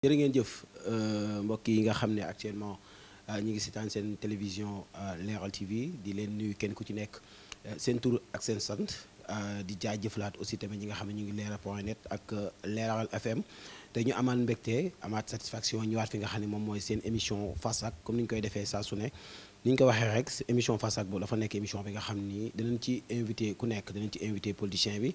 jërë ngeen jëf euh, mbokk yi nga xam ne actuellement euh, ñu ngi seetaan seen télévision euh, Leral TV di leen nuyu kenn ku ci nekk seen tur ak seen sant di jaajëfalaat aussi tamit ñi nga xam ne ñu ngi leeral point net ak Leral FM te ñu amaat mbégte amaat satisfaction ñëwaat fi nga xam ne moom mooy seen émission face ak comme ni ñu koy defee saa su ne ni ñu ko waxee rek émission face ak boobu dafa nekk émission bi nga xam ni danañ ci invité ku nekk danañ ci invité politicien bi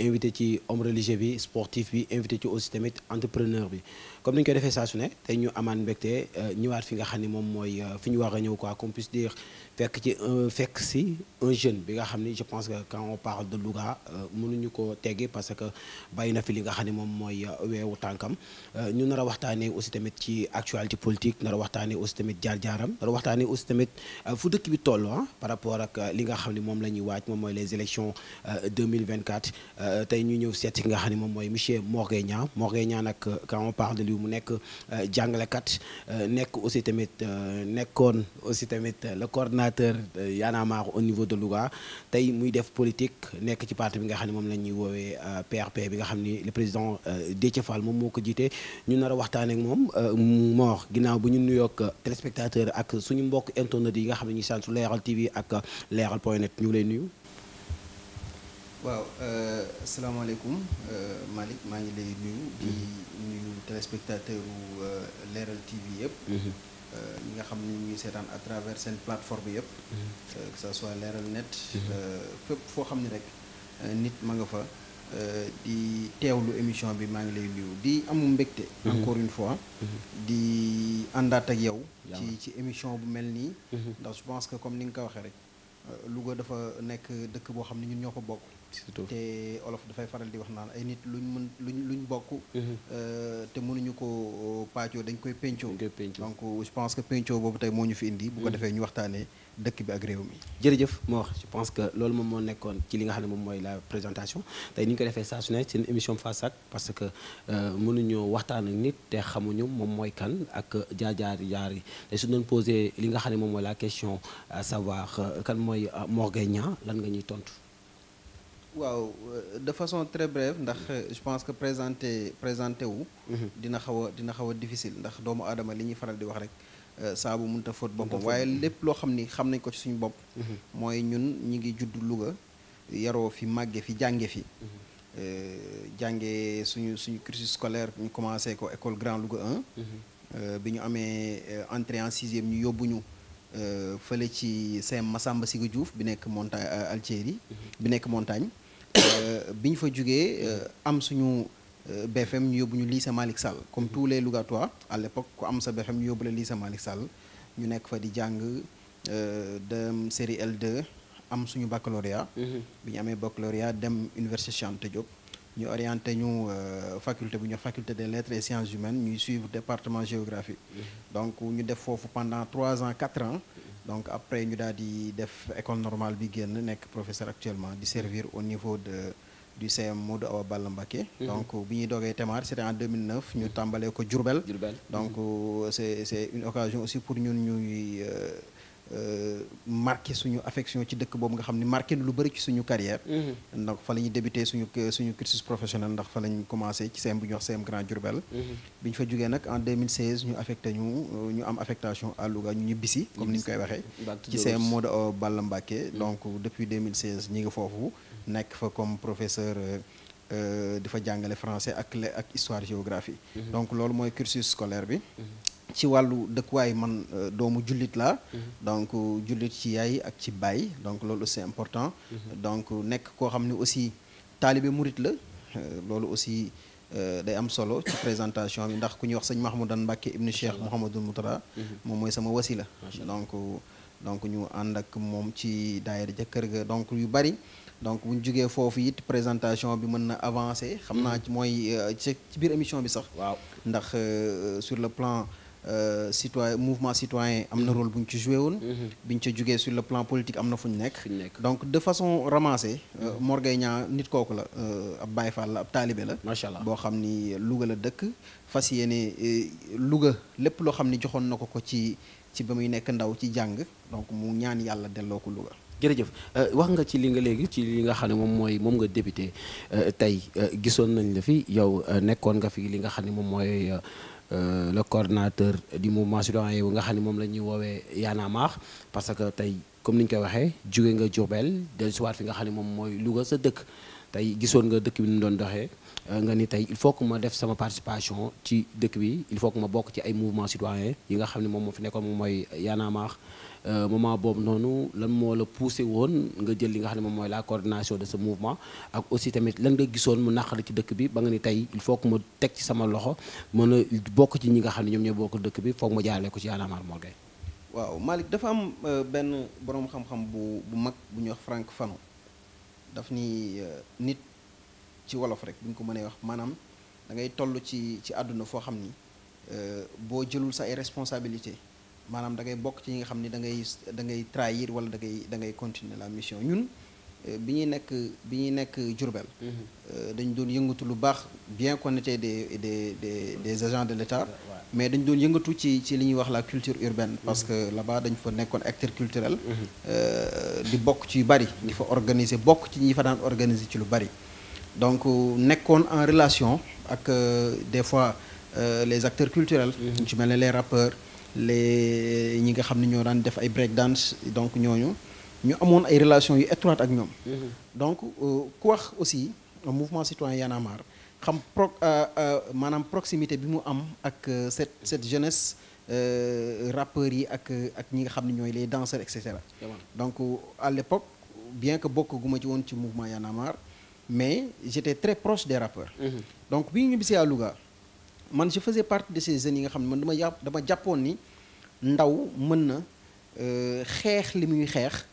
invité ci homme religieux bi sportif bi invité ci aussi tamit entrepreneur bi comme ni ñu koy defee saa su ne tey ñu amaan mbégte euh, ñëwaat fi nga xam ni moom mooy euh, fi ñu war a ñëw quoi qu'on puisse dire fekk ci un fekk si un jeune bi nga xam ni je pense que quand on de Louga euh, mënuñu ko teggi parce que bàyyi na fi li nga xam ne moom mooy weewu tànkam ñu nar a waxtaanee aussi tamit ci actualité politique nara waxtaanee aussi tamit jaar-jaaram nar a waxtaanee aussi tamit fu dëkk bi toll ah par rapport ak li nga xam ni moom la ñuy waaj moom mooy les élections 2024 Euh, tey ñu ñëw seet ki nga xam ne moom mooy monsieur Mor Gueye Niang Mor Gueye Niang nag euh, quand on parle de lui mu nekk euh, jàngalekat nekk aussi tamit nekkoon aussi tamit le coordinateur Y'en au niveau de Louga tey muy def politique nekk ci parti bi nga xam ne moom la ñuy woowee PRP bi nga xam ni le président Déthié Fall moom moo ko jiite ñu nar a waxtaan ak moom Mor ginnaaw bu ñu nuyoog téléspectateur ak suñu mbokk internet yi nga xam ne ñu sant su Leral ak Leral point net ñu ngi lay nuyu. waaw euh, asalaamaaleykum euh, Malick maa ngi lay nuyu. di nuyu téléspectateur leeral euh, Leral TV yëpp. Mhm. ñi nga xam ne ñu ngi seetaan à travers seen plateforme yëpp. Mhm. que ça soit Leral net. Mhm. fépp foo xam ne rek nit ma nga fa di teewlu émission bi maa ngi lay nuyu di amu mbégte. encore une fois. di àndaat ak yow. ci ci émission bu mel nii. ndax je pense que comme ni nga ko waxee rek Louga dafa nekk dëkk boo xam ne ñun ñoo ko bokk. te olof dafay faral di wax naa ay nit luñ mën luñ luñ bokk mhm. euh, te mënuñu ko paccoo dañ koy pencoo donc je pense que pencoo boobu tey moo ñu fi indi bu ko mhm. defee ñu waxtaanee dëkk bi ak réew mi jërëjëf moo wax je pense que loolu moom moo nekkoon ci li nga xam ne moom mooy tey ni ko defee saa su ne seen émission parce que euh, mënuñoo waxtaan ak nit te xamuñu moom mooy kan ak jaar-jaar jaar yi te su doon posé li nga xam ne moom mooy la question à savoir euh, kan mooy Mor Gueye Niang lan nga ñuy tontu waaw euh, de façon très brève ndax mm-hmm. euh, je pense que présenter présenter wu. Mm-hmm. dina xaw a dina xaw a difficile ndax doomu aadama li ñuy faral di wax rek. Euh, saabu munta a fóot boppam waaye lépp loo xam ni xam nañ ko ci suñu bopp. Mm-hmm. mooy ñun ñi ngi judd luga yaroo fi màgge fi jàngee fi. jànge suñu suñu cursus scolaire ñu commencé ko école Grand Louga 1. bi ñu amee entrée en sixième ñu yóbbu ñu fële ci CEM Massamba Siga Diouf bi nekk montagne Altieri bi nekk montagne. Euh, bi ñu fa jugee euh, am suñu euh, BFM ñu yóbbu ñu lii Malick Sall comme tous les Lougatois à l'époque ku am sa BFM ñu yóbbu la lycée Malick Sall ñu nekk fa di jàng dem série L2 am suñu baccalauréat mhm. bi ñu amee baccalauréat dem université Cheikh Anta Diop ñu orienté ñu faculté bu ñu faculté de lettres et sciences humaines ñuy suivre département géographie mhm. donc ñu def foofu pendant trois ans quatre ans donc après ñu daal di def école normale bi génn nekk professeur actuellement di servir au niveau de du CM Modou Awa Balla Mbacké mhm. donc bi ñuy doogee Témar c'était en 2009 ñu tàmbalee ko Diourbel donc mhm. c'est c'est une occasion aussi pour ñun ñuy euh, marqué suñu affection ci dëkk boobu nga xam ni marqué na lu bëri ci suñu carrière mm-hmm. ndax fa la ñuy suñu suñu cursus professionnel ndax fa lañ commencé ci CEM bu ñuy wax CEM Grand Diourbel mm-hmm. bi ñu fa jógee nag en ñu affecté ñu ñu am affectation à Louga ñu ñibbisi comme ni ñu koy waxee ci CEM Modou Balla Mbacké mm-hmm. donc depuis 2016 ñi ngi foofu nekk fa comme professeur euh, euh, di fa jàngale français ak ak histoire géographie donc loolu mooy cursus scolaire bi ci wàllu dëkkuwaay man euh, doomu jullit la mhm. donc jullit ci yaay ak ci baay donc loolu c'est important mhm. donc nekk koo xam ne aussi taalibe murit la euh, loolu aussi euh, day am solo ci présentation bi ndax ku ñuy wax sañ Mahmoudan Mbacke ibnu Cheikh Mouhamadul Moutara mhm. moom mooy sama wasila donc donc ñu ànd ak moom ci daayira ja kër ga donc yu bari donc bu ñu jógee foofu it présentation bi mën na avancer xam naa mooy ci biir émission bi sax waaw ndax sur le plan Euh, citoyen mouvement citoyen am na rôle bu ñu ci joué woon. Mhm. bi ñu ca jugee sur le plan politique am na fu ñu nekk. donc de façon ramassée. Euh, mhm. Mor Gueye nit kooku la euh, ab Baye Fall la ab taalibe la. macha allah boo xam ni Louga la dëkk. fas yéene Louga lépp loo xam ni joxoon na ko ko ci ci ba muy nekk ndaw ci jàng donc mu ñaan yàlla delloo ko Louga. jërëjëf wax nga ci li nga léegi ci li nga xam ne moom mooy moom nga député tey gisoon nañ la fi yow nekkoon nga fi li nga xam ni moom mooy. Euh, le coordinateur du mouvement citoyen bu nga xam ne moom la ñuy woowee Y'en a parce que tey comme ni ñu koy waxee jóge nga de dellusiwaat fi nga xam ne moom mooy Louga sa dëkk tey gisoon nga dëkk bi nu doon doxe euh, nga ni tey il faut que ma def sama participation ci dëkk bi il faut que ma bokk ci ay mouvement citoyen yi nga xam ne moom moo fi nekkoon moom mooy Y'en a marre euh, moment boobu noonu lan moo la poussé woon nga jël li nga xam ne moom mooy la coordination de sa mouvement ak aussi tamit lan nga gisoon mu naqari ci dëkk bi ba nga ni tey il faut que ma teg ci sama loxo mën a bokk ci ñi nga xam ne ñoom ñooy bokk dëkk bi foog ma jaarale ko ci Y'en a marre Mor euh, benn boroom xam bu bu mag bu ñuy wax Franck Fanon daf ni euh, nit ci wolof rek bu ñu ko mënee wax maanaam da ngay toll ci ci àdduna foo xam ni euh, boo jëlul sa ay responsabilité maanaam da ngay bokk ci ñi nga xam ni da ngay da ngay trahir wala da ngay da ngay continuer la mission ñun Euh, bi ñuy nekk bi ñuy nekk Diourbel mhm. euh, dañ doon yëngatu lu baax bien qu'on était des des des des agents de l'État mais dañ doon yëngatu ci ci li ñuy wax la culture urbaine mhm. parce que là-bas dañ fa nekkoon acteur culturel mhm. euh, di bokk ci yu bari di fa organiser bokk ci ñi fa daan organiser ci lu bari donc nekkoon en relation ak des fois les acteurs culturels ñu ci mel ne les rappeurs les ñi nga xam ne ñoo daan def ay break dance donc ñooñu ñu amoon ay relations yu étroites ak ñoom. Mhm. donc euh, ku wax aussi mouvement citoyen Y'en a xam pro euh, euh, maanaam proximité bi mu am ak cette cette jeunesse rappeurs yi ak ak ñi nga xam ne ñooy lay danseurs et cetera. donc à l'époque bien que bokk gu ci woon ci mouvement Y'en a marre mais j'étais très proche des rappeurs. Mhm. donc bi ñu bisee à Louga man je faisais partie de ces jeunes yi nga xam ne man dama jàpp dama jàppoon ni ndaw mën na xeex li muy xeex.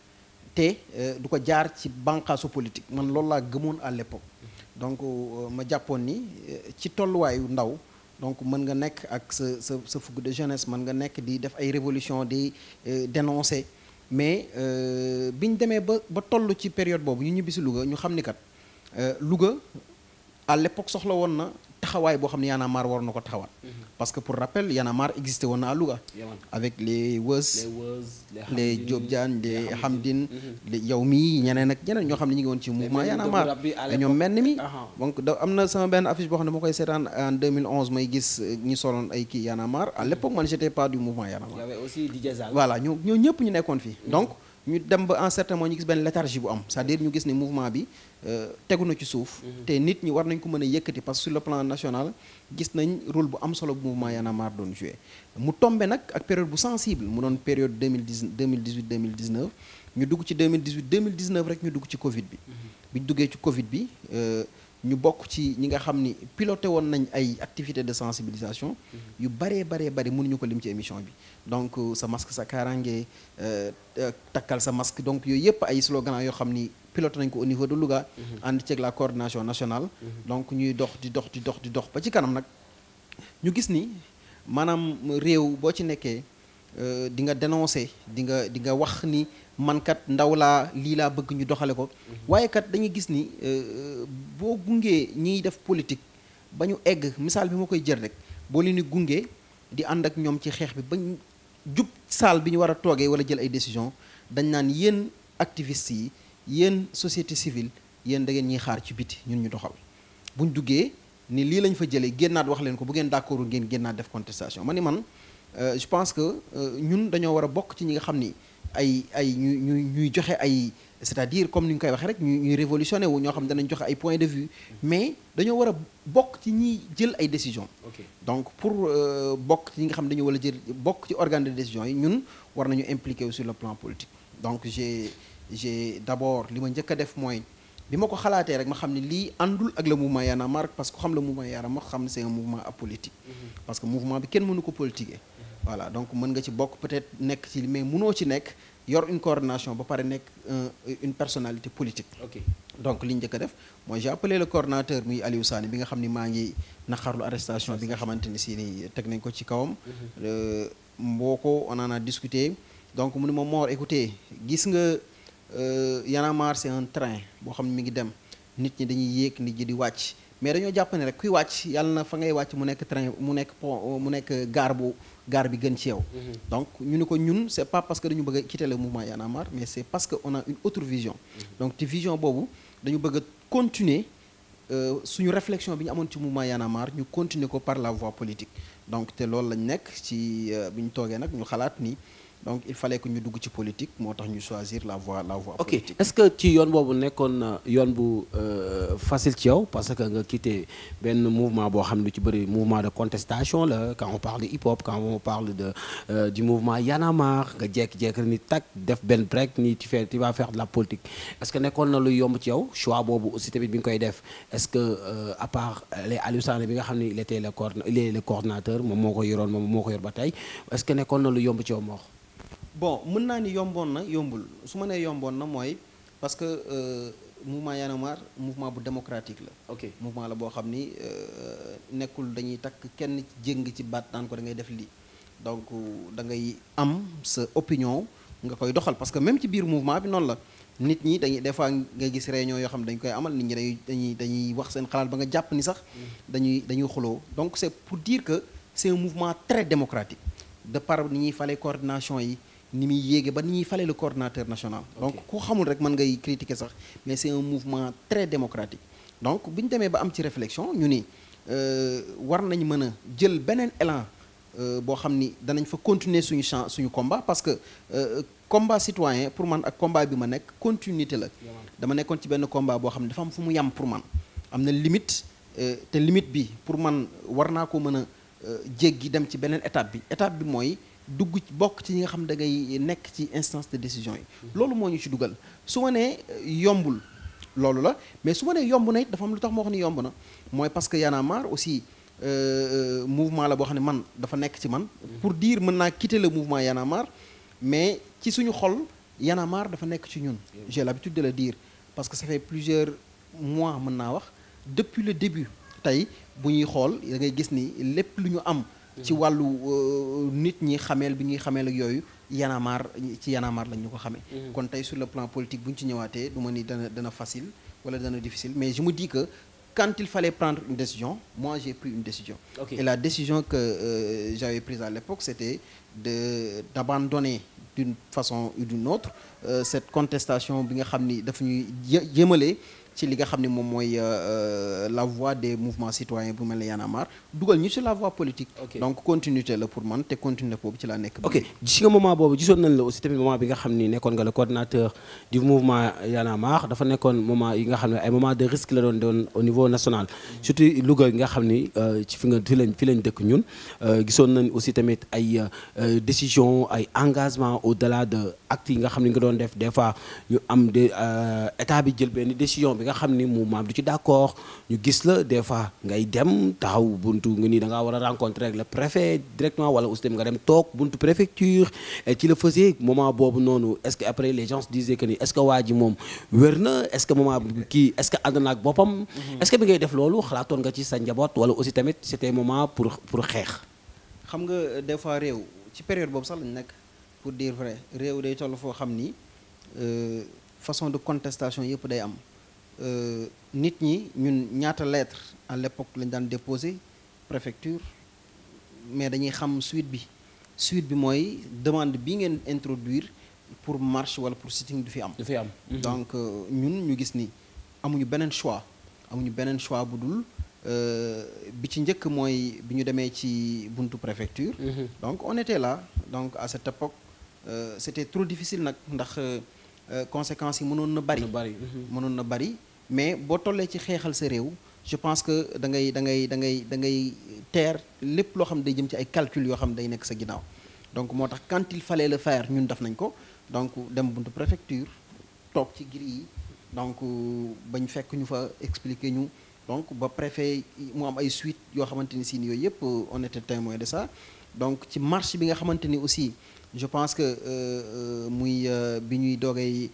te euh, du ko jaar ci bànqaasu politique man loolu laa gëmoon à l'époque donc euh, ma jàppoon ni euh, ci tolluwaayu ndaw donc mën nga nekk ak sa sa sa fougue de jeunesse mën nga nekk di def ay révolution di dénoncer mais bi ñu demee ba ba toll ci période boobu ñu ñibbi si Louga ñu xam ni kat Louga à l'époque soxla woon na taxawaay boo xam ne Y'en a marre war na ko taxawaat mm-hmm. parce que pour rappel Y'en a marre existé woon na à Louga avec les Wëz les Diop les Hamdine les yow mii mm-hmm. ñeneen ak ñeneen ñoo xam ne ñu ngi woon ci mouvement Y'en a marre ni mi uh-huh. donc da am na sama benn affiche boo xam ne moo koy seetaan en may gis euh, ñu soloon ay kii Y'en à l'époque man j'étais pas du mouvement Y'en a ñoo ñoo ñëpp ñu nekkoon fii mm-hmm. donc ñu dem ba en certain moment ñu gis benn léthargie bu am cest à ñu gis ne mouvement bi euh, tegu na ci suuf. Mhm. te nit ñi war nañ ko mën a parce que sur le plan national gis nañ rôle bu am solo bu mouvement Y'en doon joué. mu tombé nag ak période bu sensible mu doon période ñu dugg ci rek ñu dugg ci Covid bi. Mhm. bi duggee ci Covid bi. Euh, ñu bokk ci ñi nga xam ni piloté woon nañ ay activité de sensibilisation yu baree baree bari mënuñu ko lim ci émission bi donc euh, sa masque sa kaaraange euh, euh, takkal sa masque donc yooyu yëpp ay slogan yoo xam ni piloté nañ ko au niveau de Louga mm-hmm. ànd ceeg la coordination nationale mm-hmm. donc ñuy dox di dox di dox di dox ba ci kanam nag ñu gis ni maanaam réew boo ci nekkee di nga dénoncé di nga di nga wax ni man kat ndaw laa lii laa bëgg ñu doxale ko waaye kat dañuy gis ni euh, euh, boo gungee ñiy def politique ba ñu egg misaal bi moo koy jël rek boo leen di gungee di ànd ak ñoom ci xeex bi bañ jub saal bi ñu war a toogee wala jël ay décision dañ naan yéen activistes yi yéen société civile yéen da ngeen ñuy xaar ci biti ñun ñu doxal bu ñu duggee ni lii lañu fa jëlee génnaat wax leen ko bu ngeen d'accord ngeen génnaat def contestation ma ni man euh, je pense que ñun dañoo war a bokk ci ñi nga xam ni ay ay ñu ñuy joxe ay c'est-à-dire comme ni ñu koy waxee rek ñu ñuy révolutionné wu ñoo xam danañ joxe ay point de vue mm-hmm. mais dañoo war a bokk ci ñiy jël ay décision donc pour euh, bokk ñi nga xam dañu war a jël bokk ci organe de décision yi ñun war nañu impliqué wu sur le plan politique donc j'ai j'ai d'abord li ma njëkk def mooy bi ma ko xalaatee rek ma xam ne lii àndul ak le mouvement Y'en a marre parce que xam le mouvement Y'en a ma xam ne c'est un mouvement apolitique mm-hmm. parce que mouvement bi kenn mënu ko politiquer voilà donc mën nga ci bokk peut-être nekk ci mais munoo ci nekk yor une coordination ba pare nekk euh, une personnalité politique. donc li ñu njëkk a def mooy j'ai appelé le coordonnateur muy Aliou bi nga xam ni maa ngi naqarlu arrestation bi nga xamante ni si ni teg nañ ko ci kawam. mboo mhm. euh, ko on en discuté donc mu ne ma Mor écoutez gis nga euh, Y'en a marre c'est un train boo xam ne mi ngi dem nit ñi dañuy yéeg nit ñi di wàcc mais dañoo jàpp ne rek kuy wàcc yàlla na fa ngay wàcc mu nekk train mu nekk pont mu nekk gaar bu. gaar bi gën ci yow. Mhm. donc ñu ne ko ñun c' est pas parce que dañu bëgg kite quitter le mouvement Y en a mais c' est que on a une autre vision. Mhm. donc te vision boobu dañu bëgg a continuer euh, suñu réflexion bi ñu amoon ci mouvement Y ñu continuer ko par la voie politique donc te loolu lañ nekk ci euh, bi ñu toogee nag ñu xalaat nii donc il fallait que ñu dugg ci politique moo tax ñu choisir la voie la voie ok est-ce que ci yoon boobu nekkoon na yoon bu euh, facile ci yow parce que nga quitté benn mouvement boo xam ne lu ci bëri mouvement de contestation la quand on parle de hip-hop quand on parle de euh, mouvement Y nga jékki-jékki ni tak def benn break ni tu fais tu vas faire de la politique est que nekkoon na lu yomb ci yow choix boobu aussi tamit bi nga koy def est-ce que euh, à part les Aliou Sané bi xam ne il moom moo ko moom moo ko yor ba tey est-ce que nekkoon lu yomb ci yow moo bon mën naa ni yomboon na yombul su ma nee yomboon na mooy parce que euh, mouvement Y'en a marre mouvement bu democratique la. ok mouvement la boo xam ni euh, nekkul dañuy takk kenn jëng ci baat naan ko da ngay def lii donc da ngay am sa opinion nga koy doxal parce que même ci biir mouvement bi noonu la nit ñi dañuy des fois ngay gis réunion yoo xam ne dañu koy amal nit ñi dañuy dañuy dañuy wax seen xalaat ba nga jàpp ni sax. Mm. dañuy dañuy xuloo donc c'est pour dire que c'est un mouvement très démocratique de par ñuy fale coordination yi. ni muy yéege ba ni ñuy fale le coordonnateur national donc koo xamul rek mën ngay critiquer sax mais c'est un mouvement très démocratique donc bu ñu demee ba am ci réflexion ñu ni euh, war nañ mën a jël beneen élan euh, boo xam ni danañ fa continuer suñu champ suñu combat parce que euh, combat citoyen pour man ak combat bi ma nekk continuité la dama nekkoon ci benn combat boo xam ne dafa am fu mu yam pour man am na limite te limite bi pour man war naa ko mën a jéggi dem ci beneen étape bi étape bi mooy dugg bokk ci ñi nga xam da ngay nekk ci instance de décision yi loolu moo ñu ci dugal su ma nee euh, yombul loolu la mais su ma nee yomb na it dafa am lu tax moo wax ni yomb na mooy parce que Y'en a marre aussi euh, euh, mouvement la boo xam ne man dafa nekk ci man pour dire mën naa kité le mouvement Y'en mais ci suñu xol Y'en dafa nekk ci ñun j'ai l'habitude de le dire parce que ça fait plusieurs mois mën naa wax depuis le début tey bu ñuy xool da ngay gis ni lépp lu ñu am ci wàllu euh, nit ñi xameel bi ñuy xameel ak yooyu yanamar ci yanamar lañ ñu ko xame mm-hmm. kon tey sur le plan politique bu ñu ci ñëwaatee du ma ni dana dana facile wala dana difficile mais je me dis que quand il fallait prendre une décision moi j'ai pris une décision et la décision que euh, j'avais prise à l'époque c'était de d'abandonner d'une façon ou d'une autre euh, cette contestation bi nga xam ni dafa ñuy jëmale ci li nga xam ne moom mooy euh, euh, la voie des mouvements citoyens bu mel ne a dugal ñu ci la voie politique. donc continuité la pour man te continuité boobu ci laa nekk. ok gis nga moment boobu gisoon nañ la aussi tamit moment bi nga xam ni nekkoon nga a dafa nekkoon moment yi nga xam ne ay moment de risque la doon doon au niveau national. Mm-hmm. surtout Louga yi nga xam ni euh, ci fi nga fi lañ fi lañ dëkk ñun gisoon nañ aussi tamit ay décision ay engagement au delà de actes yi nga xam ne nga doon def des fois ñu am de état bi jël benn décision bi. bi nga xam ni mouvement du ci d'accord ñu gis la des fois ngay dem taxaw buntu nga nii da ngaa war a rencontrer ak le préfet directement wala aussi dem nga toog buntu préfecture ci la faisee moment boobu noonu est-ce que les gens disaient que ni est-ce que waa ji moom wér na est-ce que moment kii est-ce mm-hmm. loolu xalaatoon nga ci sa njaboot wala aussi tamit c'était moment pour pour xeex. xam nga euh, des fois réew ci période boobu sax lañ nekk pour dire vrai réew day toll foo xam ni euh, façon de contestation yëpp day am. Euh, nit ñi ñun ñaata leetre à l'époque lañ daan déposé préfecture mais dañuy xam suite bi suite bi mooy demande bi ngeen introduire pour marche wala pour sitting du fi am. du fi am mm-hmm. donc mm-hmm. Euh, ñun ñu gis ni amuñu beneen choix amuñu beneen choix bu dul euh, bi ci njëkk mooy bi ñu demee ci buntu préfecture. Mm-hmm. donc on était là donc à cette époque c'était trop difficile nag ndax. Euh, conséquences yi mënoon na bari mhm. mënoon na bari mais boo tollee ci xeexal sa réew je pense que da ngay da ngay da ngay da ngay lépp loo xam ne day jëm ci ay calcul yoo xam ne day nekk sa ginnaaw donc moo tax quand il fallait le faire ñun def nañ ko donc dem buntu préfecture toog ci giri yi donc euh, bañ fekk ñu fa expliquer ñu donc ba préfet mu am ay suite yoo xamante ni si yooyu yëpp euh, on était témoin de ça donc ci marche bi nga xamante ni aussi je pense que euh, euh, muy euh, bi ñuy doogay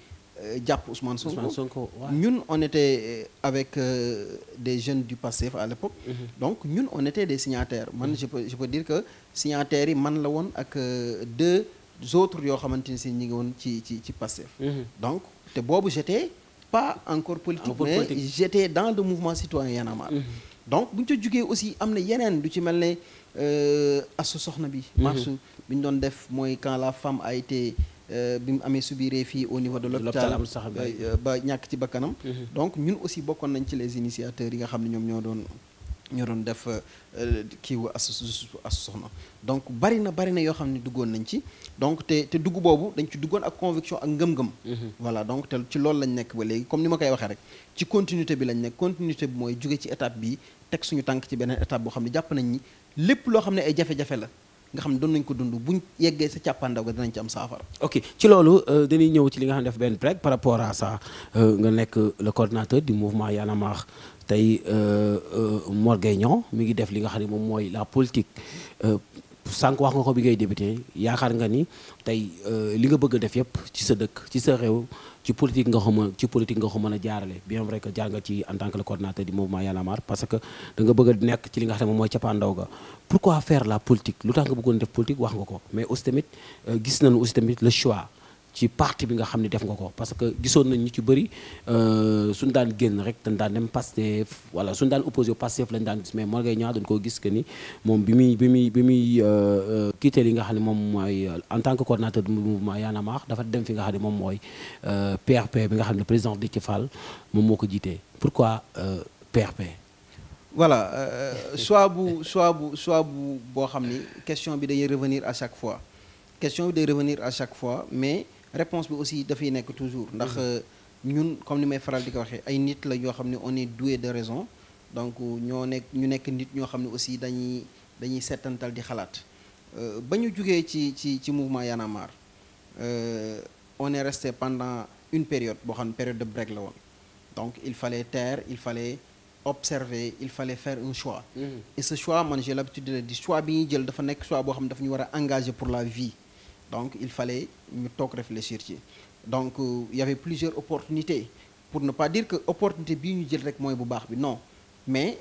jàpp Ousmane Sonko ñun on était avec des jeunes du Pastef à l'époque mm-hmm. donc ñun on était des signataires man je peux dire que signataires yi man la woon ak deux autres yoo xamante ni si ñu ngi woon ci ci ci Pastef mm-hmm. donc te boobu j'étais pas encore politique mais j'étais dans le mouvement citoyen Y en a donc bu ñu ca jugee aussi am na yeneen du ci mel ne euh, asu soxna bi mhm. marche bi ñu doon def mooy quand la femme a été euh, bi mu amee subiree fii au niveau de l'hôpital euh, ba ñàkk ci bakkanam mhm. donc ñun aussi bokkoon nañ ci les initiateurs yi nga xam ne ñoom ñoo doon ñoo doon def kiiwu asu asu soxna donc bari na bari na yoo xam ne duggoon nañ ci donc te te dugg boobu dañ ci duggoon ak conviction ak ngëm-ngëm mhm. voilà donc te ci loolu lañ nekk ba léegi comme ni ma koy waxee rek ci continuité bi lañ nekk continuité bi mooy jóge ci étape bi teg suñu tànk ci beneen état boo xam ne jàpp nañ ni lépp loo xam ne ay jafe-jafe la nga xam ne doon nañ ko dund buñ yeggee sa càppaandaw ga dinañ ci am saafara. ok ci loolu euh, dañuy ñëw ci li nga xam ne def benn break par rapport à ça euh, nga nekk le coordinateur du mouvement Y'en a marre tey euh, Mor Gueye Niang mi ngi def li nga xam ne moom mooy la politique sànq wax nga ko bi ngay débuté yaakaar nga ni tey li nga bëgg def yëpp ci sa dëkk ci sa réew ci politique nga ko ci politique nga ko mën a jaarale bien vrai jaar nga ci en tant que le coordinateur du mouvement Y en a parce que da nga nekk ci li nga xam mooy cappaandaw ga pourquoi faire la politique lu tax nga bëggoon def politique wax nga ko mais aussi tamit euh, gis nañu aussi tamit le choix ci parti bi nga xam ne def nga ko parce que gisoon nañ ñu ci bëri euh, suñu daan génn rek dañ daan dem Pastef wala suñ daan opposé Pastef lañ daan gis mais Mor Gaye Niang dañ koo gis que ni moom bi muy bi muy bi muy euh, euh, quitté li nga xam ne moom mooy en tant que coordonnateur du mouvement Y'en a marre dafa dem fi nga xam ne moom mooy PRP bi nga xam ne président Déthié Fall moom moo ko jiitee pourquoi PRP voilà soit bu soit bu soit bu boo xam ni question bi dañuy revenir à chaque fois question bi revenir à chaque fois mais réponse bi aussi dafay nekk toujours ndax mm-hmm. euh, ñun comme ni may faral di ko waxee ay nit la yoo xam ne on est doué de raison donc euh, ñoo nekk ñu nekk nit ñoo xam ne aussi dañuy dañuy settantal di xalaat euh, ba ñu jugee ci ci ci mouvement Y'en a marre on est resté pendant une période boo xam ne période de break la woon donc il fallait taire il fallait observer il fallait fair un choix mm-hmm. et ce choix man l'habitude de choix bi ñuy jël dafa nekk choix boo xam ne dafa ñu war a engagé pour la vie donc il fallait ñu toog réfléchir ci donc il euh, y avait plusieurs opportunités pour ne pas dire que opportunité bii ñu jël rek mooy bu baax bi non mais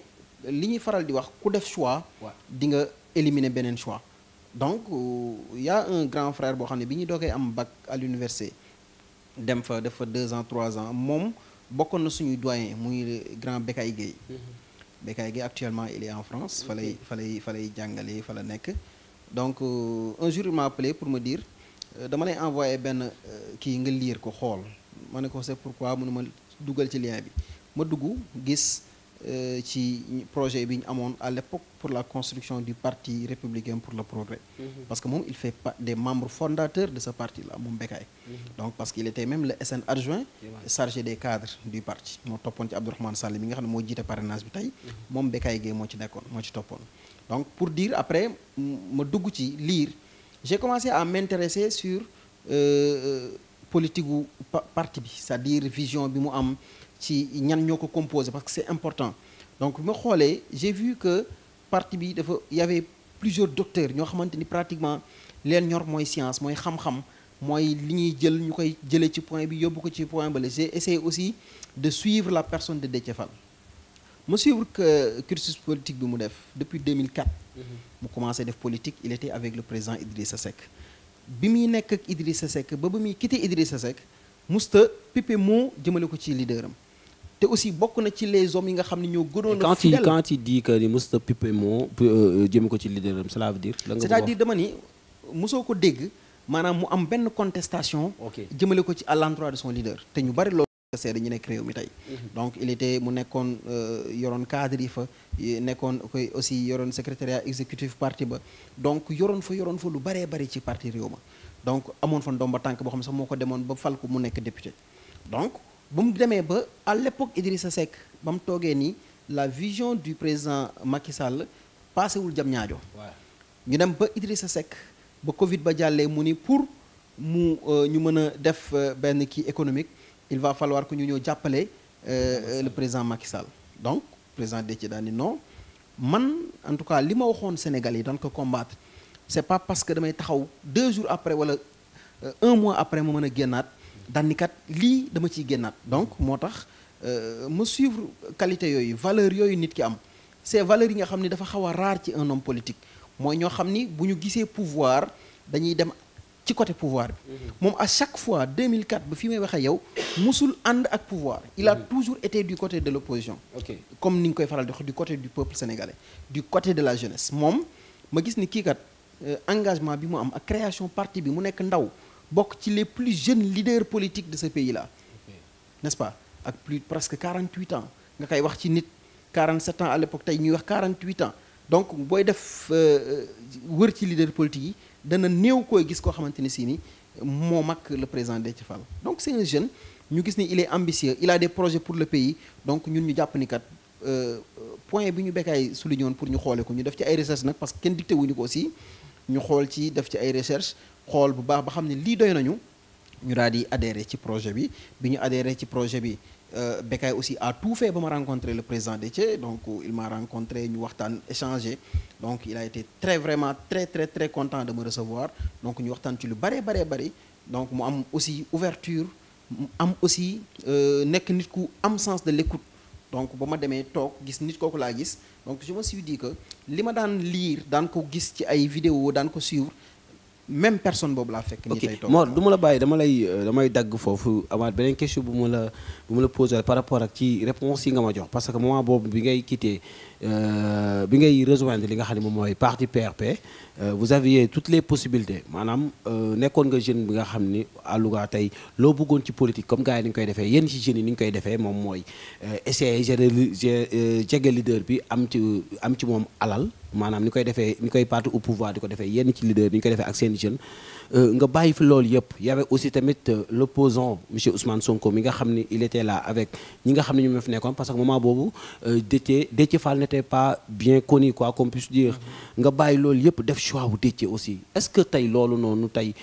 li ñuy faral di wax ku def choix di nga éliminer beneen choix donc il euh, y a un grand frère boo xam ne bi ñu doogee am bac à l'université dem fa def fa deux ans trois ans moom bokkoon na suñuy doyen muy grand Bekay Gueye mm-hmm. Bekay Gueye actuellement il est en France fa lay fa lay fa lay jàngale fa la nekk donc euh, un jour il m'a appelé pour me dire euh, dama lay envoyé benn euh, kii nga liir ko xool ma ne ko c'est pourquoi mënu ma dugal ci lien bi ma dugg gis Euh, ci projet bi ñu amoon à l'époque pour la construction du parti républicain pour le progrès mhm. parce que moom il fait pas des membres fondateurs de ce parti là moom Bécaye mhm. donc parce qu'il était même le SN adjoint chargé des cadres du parti moo toppoon ci Abdourahmane Sall mi nga xam ne moo jiite parrainage bi tey mhm. moom Bécaye Gueye moo ci nekkoon moo ci toppoon donc pour dire après ma dugg ci lire j'ai commencé à m'intéresser sur euh, euh, politique parti bi c'est-à-dire vision bi mu ci ñan ñoo ko composé parce que c'est important donc bi ma xoolee j'ai vu que parti bi dafa y avait plusieurs docteurs ñoo xamante ni pratiquement leen ñor mooy science mooy xam-xam mooy li ñuy jël ñu koy jële ci point bi yóbbu ko ci point bale j'ai essayé aussi de suivre la personne de Déthié Fall ma suivre que cursus politique bi mu def depuis 2004 mm-hmm. mu commencé def politique il était avec le président sa Seck bi muy nekk ak sa Seck ba ba muy quitté Idrissa Seck musta pipe moo jëmale ko ci leader te aussi bokk na ci les hommes yi nga xam ne ñoo gënoon a fidèle quand il dit ni mës na moo jëm ko ci leaderam cela veut dire c'est-à-dire dama ni mosoo ko dégg maanaam mu am benn contestation jëmale ko ci à l'endroit de son leader te ñu bari loolu seede ñu nekk réew mi tey mhm. donc il était mu nekkoon euh, yoroon cadre yi fa nekkoon koy aussi yoroon secrétariat exécutif parti ba donc yoroon fa yoroon fa lu baree bari ci parti réew ma donc amoon fa ndomba tànk boo xam ne sax moo ko demoon ba fal ko mu nekk député donc ba mu demee ba à l'époque sa Seck ba mu toogee nii la vision du président Macky Sall paasewul jam ñaajo ñu dem ba sa Seck ba Covid ba jàllee mu ni pour mu euh, ñu mën a def euh, benn kii économique il va falloir que ñu ñëw jàppale euh, le président Macky Sall donc président Déthié daal ni non man en tout cas li ma waxoon Sénégal yi daan ko combattre c'est pas parce que damay taxaw deux jours après wala un mois après ma mën a génnaat daan kat lii dama ciy génnaat donc moo tax euh, ma suivre qualité yooyu valeur yooyu nit ki am ces valeurs yi nga xam ni dafa xaw a rare ci un homme politique mooy ñoo xam ni bu ñu gisee pouvoir dañuy dem ci côté pouvoir bi mm-hmm. moom à chaque fois 2004 ba fi may waxee yow musul ànd ak pouvoir il a mm-hmm. toujours été du côté de l'opposition comme ni nga koy faral di wax du côté du peuple sénégalais du côté de la jeunesse moom ma gis ni kii kat euh, engagement bi mu am ak création parti bi mu nekk ndaw bokk ci les plus jeunes leaders politiques de ce pays là n'est-ce pas ak plus presque 48 ans nga koy wax ci nit 47 ans à l'époque tey ñuy wax 48 ans donc booy def euh, euh, wër ci leader politique yi dana néew koy gis koo xamante ne si ni moo mag le président Déthié Fall donc c'est un jeune ñu gis ni il est ambitieux il a des projets pour le pays donc ñun ñu jàpp ni kat euh, point bi ñu bekkaay souligné woon pour ñu xoole ko ñu def ci ay recherche nag parce que kenn dicté wuñu ñu xool ci def ci ay recherche xool bu baax ba xam ne lii doy nañu ñu daal di adhéré ci projet bi bi ñu adhéré ci projet bi euh, Bécaye aussi a tout fait ba ma rencontré le président Déthié donc il m'a rencontré ñu waxtaan échangé donc il a été très vraiment très très très content de ma recevoir donc ñu waxtaan ci lu bare bare bari donc mu am aussi ouverture mu am aussi euh, nekk nit ku am sens de l'écoute donc ba ma demee toog gis nit kooku laa gis donc je me suis dit li ma daan lire daan ko gis ci ay vidéo daan ko suivre même personne boobu laa fekk. ñi tey toog Mor du bàyyi dama lay euh, dagg foofu amaat beneen question bu ma la bu ma la posé par rapport ak ci réponse yi nga ma jox parce que moment boobu bi ngay quitté euh, bi ngay rejoindre li nga xam ne moom mooy parti PRP euh, vous aviez toutes les possibilités maanaam nekkoon nga jeune bi nga xam ni Louga tey loo bëggoon ci politique comme gars yi ni koy defee yenn ci jeunes ni ñu koy defee moom mooy essayer jege leader bi am ci am ci moom alal. maanaam ni koy defee ni koy parti au pouvoir di ko defee yenn ci leader ni ñu koy defee ak seen jeune euh, nga bàyyi fi loolu yëpp y avait aussi tamit euh, l' opposant monsieur Ousmane Sonko mi nga xam ni il était là avec ñi nga xam ne ñu ma fi nekkoon parce que moment boobu euh, Déthié Déthié Fall n' était pas bien connu quoi qu'on puisse dire mm-hmm. nga bàyyi loolu yëpp def choix wu Déthié aussi est ce que tey loolu noonu tey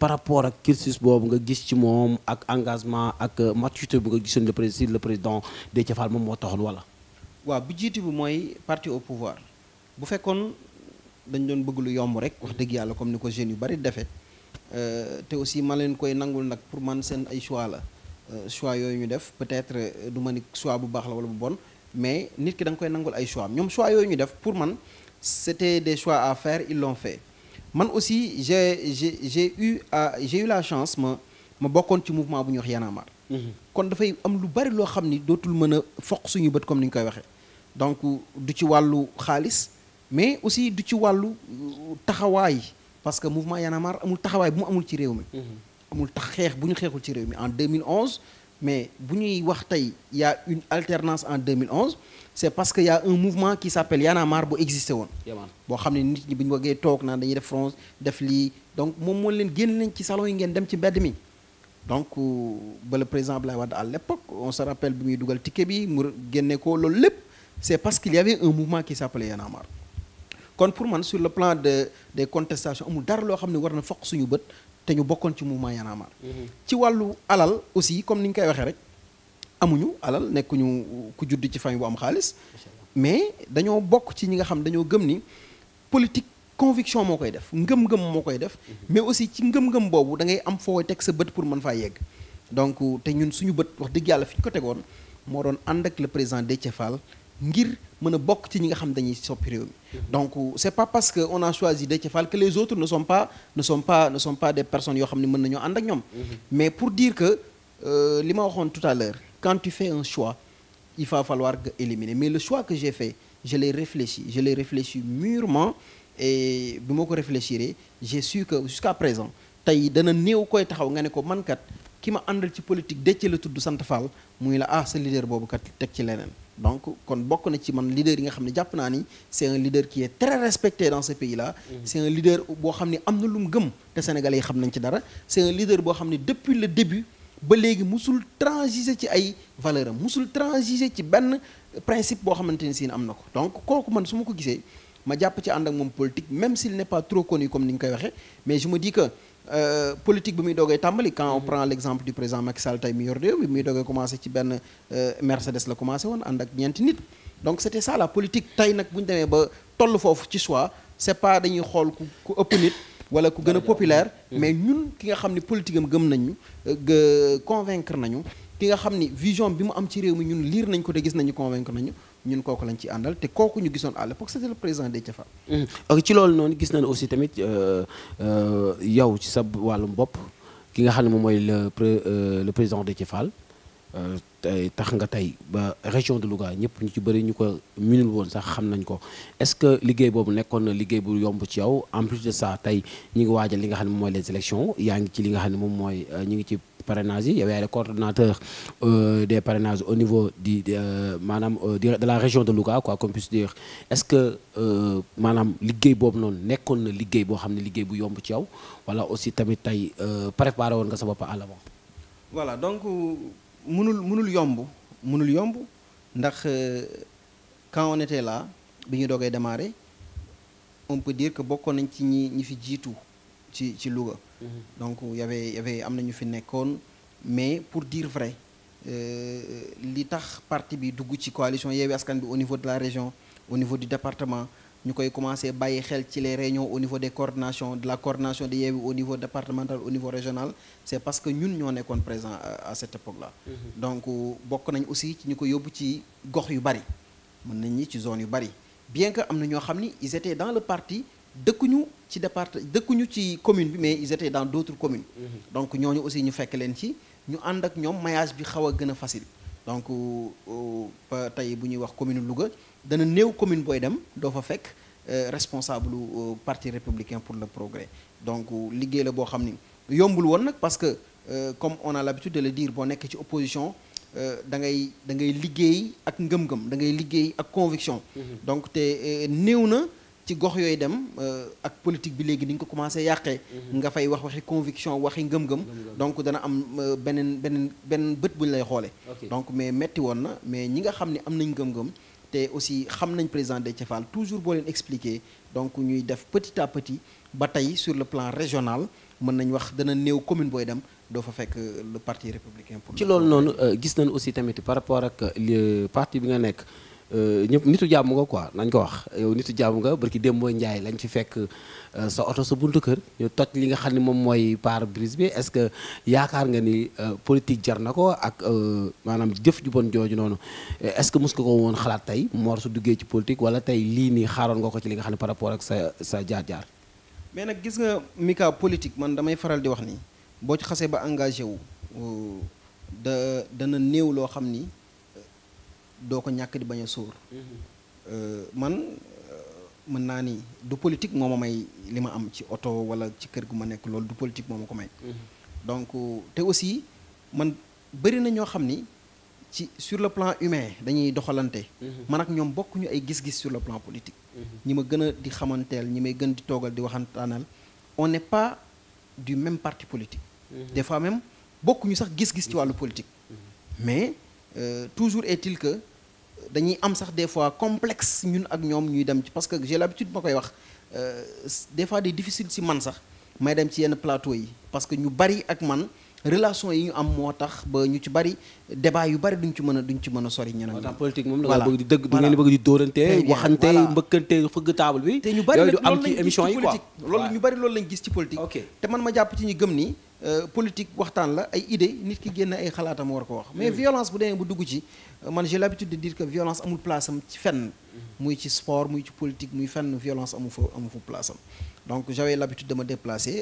par rapport ak cursus boobu nga gis ci moom ak engagement ak maturité bu nga gisoon le président le président Déthié Fall moom moo taxoon wala waaw mooy parti au bu fekkoon dañ doon bëgg lu yomb rek wax dëgg yàlla comme ni ko jeunes yu bari defee euh, te aussi man leen koy nangul nag pour man seen ay choix la euh, choix yooyu ñu def peut-être euh, du ma ni choix bu baax la wala bu bon mais nit ki da nga koy nangul ay choix ñoom choix yooyu ñu def pour man c'était des choix à faire ils l'ont fait man aussi ge j'ai j'ai eu à j'ai eu la chance ma ma bokkoon ci mouvement bu ñu wax Y'en a marre mm-hmm. kon dafay am lu bari loo xam ni dootul mën a foq suñu bët comme ni ñu koy waxee xaalis mais aussi du ci wàllu euh, taxawaay parce que mouvement Y en a marre amul taxawaay bu mu amul ci réew mi. Mhm. amul tax xeex bu ñu xeexul ci réew mi en 2011. mais bu ñuy wax tey ya a une alternance en 2011 c' est parce que y' a un mouvement qui s' appelle Y en a bu existé woon. boo xam ne nit ñi bu ñu bëggee toog naa dañuy def France def lii donc moom moo leen génn nañ ci salon yi ngeen dem ci mbedd mi. donc euh, ba le président Abdoulaye Wade à l' époque on se rappelle bi muy dugal ticket bi mu génne ko loolu lépp c' est parce qu'il y avait un Y en a kon pour man sur le plan de des contestations amul dara loo xam ne war na foq suñu bët te ñu bokkoon ci mouvement Y'en a mhm. ci wàllu alal aussi comme ni ñu koy waxee rek amuñu alal nekkuñu ku juddu ci famille bu am xaalis mais dañoo bokk ci ñi nga xam dañoo gëm ni politique conviction moo koy def ngëm-ngëm moo koy def mhm. mais aussi ci ngëm-ngëm boobu da ngay am foo teg sa bët pour mën faa yegg donc te ñun suñu bët wax dëgg yàlla fi ñu ko tegoon moo doon ànd ak le président Déthié Fall ngir mën a bokk ci ñi nga xam dañuy soppi réew mi donc c'est pas parce que on a choisi Déthié Fall que les autres ne sont pas ne sont pas ne sont pas des personnes yoo xam ne mën nañoo ànd ak ñoom mm-hmm. mais pour dire que euh, li ma waxoon tout à l'heure quand tu fais un choix il va falloir que éliminer mais le choix que j'ai fait je l'ai réfléchi je l'ai réfléchi ma ko réfléchiré j'ai su que jusqu'à présent tey dana néew koy taxaw nga ne ko mankat ki ma àndal ci politique Déthié la tudd sant Fall muy la ah sa leader boobu kat teg ci leneen donc kon bokk na ci man leader yi nga xam ne jàpp naa ni c'est un leader qui est très respecté dans ce pays là mhm. c'est un leader boo xam ne am na lu mu gëm te sénégalais yi xam nañ ci dara c'est un leader boo xam ne depuis le début ba léegi musul transiger ci ay valeur am musul transiger ci benn principe boo xamante ni siin am na ko donc kooku man su ma ko gisee ma jàpp ci ànd ak moom politique même si n'est pas trop comme ni ñu koy waxee mais je me dis Euh, politique bi muy doogee tàmbali quand on prend l' exemple du président Macky Sall tey mi yor réew bi muy doogee commencé ci benn euh, Mercedes la commencé woon ànd ak ñeenti nit donc c' était ça la politique tey nag bu ñu demee ba toll foofu ci choix c' est pas dañuy xool ku ku ëpp nit wala ku gën a populaire mais ñun ki nga xam ne politique am gëm nañu euh, convaincre nañu ki nga xam ni vision bi mu am ci réew mi ñun liir nañ ko te gis nañu convaincre nañu ñun kooku lañ ci àndal te kooku ñu gisoon à l'époque c'était le président Déthié mm-hmm. ci loolu noonu gis nañu aussi tamit euh, euh, yow ci sa wàllum bopp ki nga xam ne moom mooy le euh, le président Déthié Fall tax nga tey ba région de luga ñëpp ñu ci bari ñu ko minul woon sax xam nañ ko est-ce que liggéey boobu nekkoon na liggéey bu yomb ci yow en plus de ça tey ñi ngi waajal li nga xam ne moom mooy les élections yaa ngi ci li nga xam ne moom mooy ñi ngi ci. parrainage yi yow yaay le coordonnateur euh, des parrainages au niveau di du euh, maanaam euh, de la région de Louga quoi qu'on puisse dire est-ce que maanaam liggéey boobu noonu nekkoon na liggéey boo xam ne liggéey bu yomb ci yow wala aussi tamit tey préparé woon nga sa bopp à l'avant voilà donc mënul mënul yomb mënul yomb ndax quand on était bi ñu doogee démarrer on peut dire que bokkoon nañ ci ñi ñi fi jiitu ci ci Louga Mm-hmm. donc y avait y avait am na ñu fi nekkoon mais pour dire vrai euh, li tax parti bi dugg ci coalition Yewwi Askan Wi au niveau de la région au niveau du département ñu koy commencé bàyyi xel ci les réunions au niveau de coordinations de la coordination de Yewwi au niveau départemental au niveau régional c'est parce que ñun ñoo nekkoon présent à cette époque là mm-hmm. donc bokk nañ aussi ci ñu ko yóbbu ci gox yu bari mën nañ ci zone yu bari bien que am na ñoo xam ni ils dëkkuñu ci départ dëkkuñu ci commune bi mais ils étaient dans d' autres mm-hmm. donc ñooñu aussi ñu fekk leen ci ñu ànd ak ñoom maillage bi xaw a gën a facile. donc euh, euh, tey bu ñuy wax commune Louga dana néew commune booy dem doo fa fekk euh, responsable parti républicain pour le progrès donc liggéey la boo xam ni yombul woon nag parce que comme on a l'habitude de le diir boo nekk ci opposition dangay ngay da ngay liggéey ak ngëm-ngëm da ngay liggéey ak conviction mm-hmm. donc te néew na ci gox yooyu dem euh, ak politique bi léegi ni ko commencé yàqee mm-hmm. nga fay wax waxi conviction waxi ngëm-ngëm donc dana am euh, beneen beneen beneen bët bu ñu lay xoole donc mais metti woon na mais ñi nga xam ne am nañ ngëm-ngëm te aussi xam nañ président Déthié Fall toujours boo leen expliquer donc ñuy def petit à petit ba tey sur le plan régional mën nañu wax dana néew commune booy dem doo fa fekk euh, le parti républicain pour ci loolu noonu gis nañ aussi tamit par rapport ak parti bi nga nekk Euh, ñëpp nitu jàmm nga quoi nañ ko wax yow nitu jàmm nga barki Demba Ndiaye lañu fi fekk euh, sa oto sa buntu kër ñu toj li nga xam ne moom mooy pare-brise bi est-ce que yaakaar nga ni euh, politique jar na ko ak maanaam jëf ju bon jooju noonu est-ce que mos nga ko woon xalaat tey Mor su duggee ci politique wala tey lii nii xaaroon nga ko ci li nga xam ne par rapport ak sa sa jaar-jaar. mais nag gis nga Mika politique man damay faral di wax ni boo ci xasee ba engagé wu da dana néew loo xam ni. doo ko ñàkk di bañ a mm-hmm. euh, man euh, mën naa ni du politique moo ma may li ma am ci oto wala ci kër gu ma nekk loolu du politique moo ma ko may mm-hmm. donc te aussi man bëri na ñoo xam ni ci sur le plan humain dañuy doxalante mm-hmm. man ak ñoom bokkuñu ay gis-gis sur le plan politique ñi ma gën a di xamanteel ñi may gën di toogal di waxantaanal on ne pas du même parti politique des fois même bokkuñu sax gis-gis ci wàllu politique mais euh, toujours et il que dañuy am sax des fois complexe ñun ak ñoom ñuy dem ci parce que j'ai l'habitude ma koy wax euh, des fois des difficile si man sax may dem ci yenn plateau yi parce que ñu bari ak man relation yi ñu am moo tax ba ñu ci bari débat yu bari duñ ci mën a duñ ci mën a sori ñeneen ñi politique moom da bëgg di dëgg da ngeen bëgg di dóorante waxante mbëkkante fëgg table bi te ñu bari du am yi quoi loolu ñu loolu lañ gis ci politique te man ma jàpp ci ñu gëm ni Euh, politique waxtaan la ay idée nit ki génn ay xalaatam war ko wax mais violence bu demee bu dugg ci euh, man j'ai l'habitude de dire que violence amul place am ci fenn mhm. muy ci sport muy ci politique muy fenn violence amu fa amu fa place am donc j'avais l'habitude de me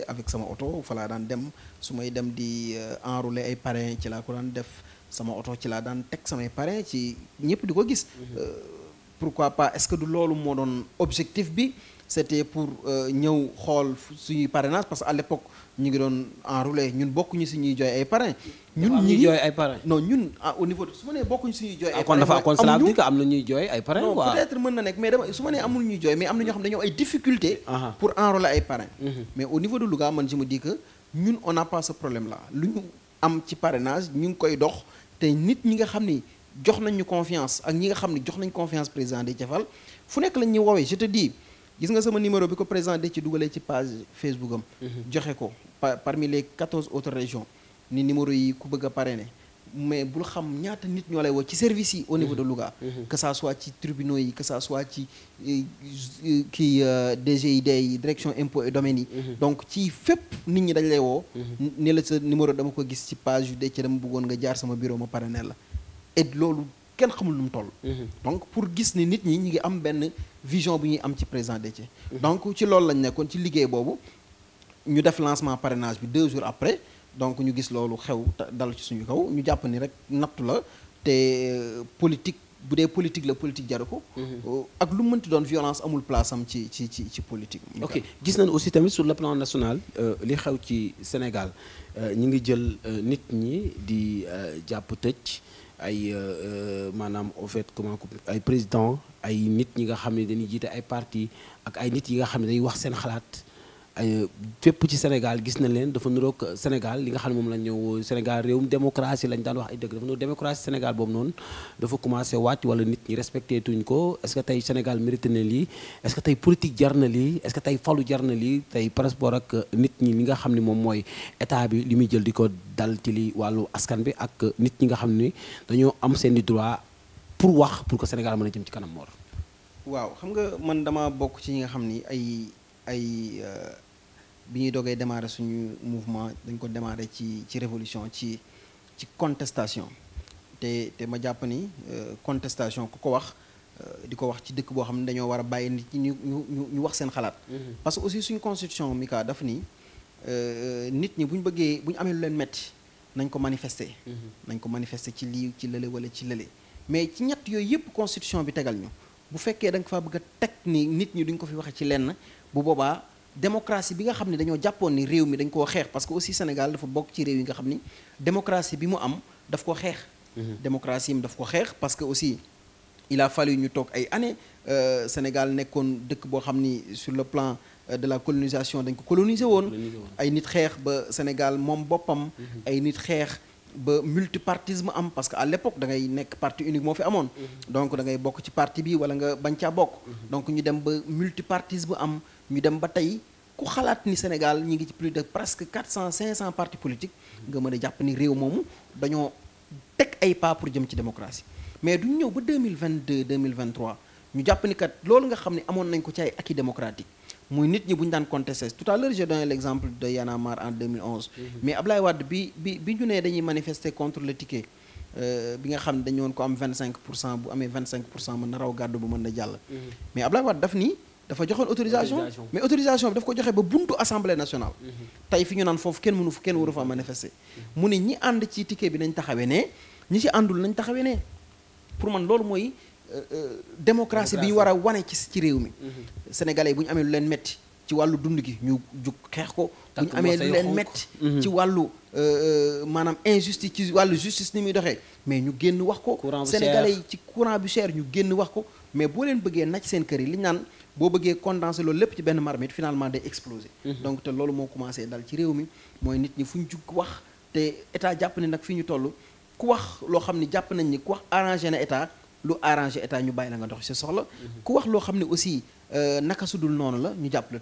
avec sama oto falaa daan dem su may dem di euh, enrôler ay parrain ci laa ko daan def sama oto ci laa daan teg samay parrain ci ñëpp di ko gis mhm. pourquoi pas est-ce que du loolu moo doon objectif bi c'était pour euh, ñëw xool suñuy parrainage parce que à l'époque ñu ngi doon enroulé ñun bokkuñu si ñuy jooy ay parrain. ñun ñi jooy ay parrain. no ñun ah, au niveau su ma nee bokkuñu si ñuy jooy. ay parrain ah, kon dafa kon cela veut dire que am na ñuy jooy ay parrain. quoi non mais am na ñoo xam dañoo ay difficulté ah, pour enrôler ay parrain. Mhm. mais au niveau de Louga man je me dis que ñun on n'a pas ce problème là lu ñu am ci parrainage ñu ngi koy dox te nit ñi nga xam ni jox nañ ñu confiance ak ñi nga xam ni jox nañ confiance président Déthié Fall fu nekk lañ ñu woowee je te gis nga sama numéro bi ko président de ci dugalee ci page Facebook am. Mhm. joxe ko parmi les quatorze autres régions ni numéro yi ku bëgg a parrainer mais bul xam ñaata nit ñoo lay woo ci service yi au niveau de mhm. Louga. Mhm. que ça soit ci tribunaux yi que ça soit ci euh, euh, kii DGID euh, yi direction impôts et domaines yi. donc ci fépp nit ñi dañ lay woo. ni la sa numéro dama ko gis ci page yu de ci dama bëggoon nga jaar sama bureau ma parrainer la et loolu. kenn xamul nu mu toll. Mhm. donc pour gis ni nit ñi ñu ngi am benn vision bi ñuy am ci président Déthié. Mhm. donc ci loolu lañ nekkoon ci liggéey boobu ñu def lancement parrainage bi deux jours après donc ñu gis loolu xew dal ci suñu kaw ñu jàpp ni rek nattu la te euh, politique. bu dee politique la politique jaru ko. Mhm. Euh, ak lu mënti doon violence amul place am ci ci ci ci politique. ok gis nañ aussi tamit sur le plan national euh, li xew ci Sénégal ñi ngi jël nit ñi di jàpp tëj. ay euh, euh, maanaam au fait comment ay président ay nit ñi nga xam ne dañuy jiite ay partie ak ay nit yi nga xam ne dañuy wax seen xalaat ay fépp ci Sénégal gis nañ leen dafa nuroog Sénégal li nga xam ne moom lañ ñëw Sénégal réewum démocratie lañ daan wax ay dëgg dafa nuroog démocratie Sénégal boobu noonu dafa commencé wàcc wala nit ñi respecté tuñ ko est-ce que tey Sénégal mérité na lii est-ce que tey politique jar na lii est-ce que tey falu jar na lii tey par rapport ak nit ñi li nga xam ne moom mooy état bi li muy jël di ko dal ci li wàllu askan bi ak nit ñi nga xam ni dañoo am seen i droit pour wax pour que Sénégal mën jëm ci kanam moor waaw nga man ni ay euh, bi ñuy dogee démarrer suñu mouvement dañ ko démarrer ci ci révolution ci ci contestation te te ma jàpp ni euh, contestation ku ko wax euh, di ko wax ci dëkk boo xam ne dañoo war a bàyyi nit ñi ñu ñu xalaat. Mm-hmm. parce que aussi suñu constitution mi ka daf ni euh, nit ñi bu ñu bëggee bu ñu amee lu leen metti nañ ko manifester. Mm-hmm. nañ ko manifester ci lii ci lële wala ci lële mais ci ñett yooyu yëpp constitution bi tegal ñu bu fekkee da nga faa bëgg teg ni nit ñi duñ ko fi waxee ci lenn bu boobaa. démocratie bi nga xam ne dañoo jàppoon ni réew mi dañ koo xeex parce que aussi Sénégal dafa bokk ci réew yi nga xam ni démocratie bi mu am daf ko xeex. Mhm. démocratie mi daf ko xeex parce que aussi il a fallu ñu toog ay années euh, Sénégal nekkoon dëkk boo xam ni sur le plan euh, de la colonisation dañ ko coloniser woon. ay nit xeex ba Sénégal moom boppam. Mhm. ay nit xeex. ba multipartisme am parce que à l'époque da ngay nekk parti unique moo fi amoon mhm. donc da bokk ci parti bi wala nga bañ caa bokk donc ñu dem ba multipartisme am ñu dem ba tey ku xalaat ni Sénégal ñu ngi ci plus de presque 400 500 partis politiques nga mën a jàpp ni réew moomu dañoo teg ay pas pour jëm ci démocratie mais duñ ñëw ba 2022 2023 ñu jàpp ni kat loolu nga xam ne amoon nañ ko ci ay acquis démocratique muy nit ñi bu ñu daan contesté tout à l'heure j'ai l'exemple de Y'en en 2011 mm-hmm. mais Ablaye Wade bi bi bi ñu nee dañuy manifester contre le ticket euh, bi nga xam ne dañu woon ko am 25 pour cent bu amee 25 pour cent mën na raw gàddu bu mën na dafa joxoon autorisation mais autorisation bi daf ko joxe ba buntu assemblée nationale mhm. tey fi ñu naan foofu kenn mënu fa kenn waru fa manifester mu ne ñi ànd ci ticket bi nañ taxawee ne ñi ci àndul nañ taxawee ne pour man loolu mooy euh, euh, démocratie bi ñu war a wane ci ci réew mi mhm. sénégalais bu ñu amee lu leen metti ci wàllu dund gi ñu xeex ko bu ñu amee lu leen metti mhm. ci wàllu euh, maanaam injustice ci wàllu justice ni muy doxee mais ñu génn wax ko sénégalais yi ci courant bu cher ñu génn wax ko mais boo leen bëggee naj seen kër yi li ñu naan boo bëggee condenser loolu lépp ci benn marmite finalement day exploser mhm. donc te loolu moo commencé dal ci réew mi mooy nit ñi fu ñu jug wax te état jàpp ne nag fi ñu toll ku wax loo xam ne jàpp nañ ni ku wax arrangé état lu arrangé état ñu bàyyi la nga dox ci soxla mhm. ku wax loo xam ne aussi euh, naka sudul noonu la ñu jàpp la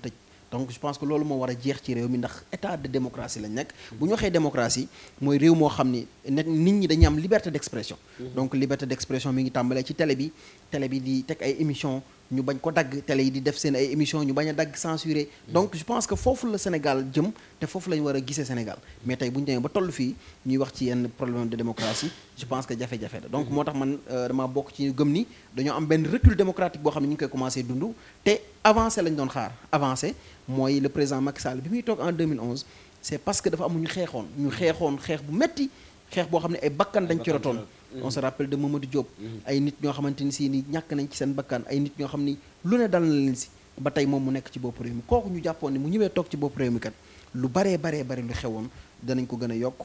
donc je pense que loolu moo war a jeex ci réew mi ndax état de démocratie lañ nekk mhm. bu ñu waxee mooy réew moo xam ni nit ñi dañu am liberté d'expression donc liberté d'expression mi ngi tàmbalee ci télé bi télé bi di teg ay émission ñu bañ ko dagg télé yi di def seen ay émission ñu bañ a dagg censuré donc je pense que foofu la Sénégal jëm te foofu lañu war a gisee Sénégal mais tey bu ñu demee ba toll fii ñuy wax ci yenn problème de démocratie je pense que jafe-jafe la donc mhm. moo tax man euh, damaa bokk ci ñu gëm ni dañoo am benn recul démocratique boo xam ne ñu ngi commencé dund te avancé lañ doon xaar avancé mooy le président Macky Sall bi muy toog en 2011 c'est parce que dafa am ñu xeexoon ñu xeexoon xeex bu metti xeex boo xam ne ay bakkan dañ ci rotoon Mm-hmm. on se rappelle de Mamadou Diop. Mm-hmm. ay nit ñoo xamante ni si ni ñàkk nañ ci seen bakkan ay nit ñoo xam ni lu ne dal na leen si ba tey moom mu nekk ci bopp réew kooku ñu jàppoon ne mu ñëwee toog ci bopp réew mi kat lu baree bari lu xewoon danañ ko gën a yokk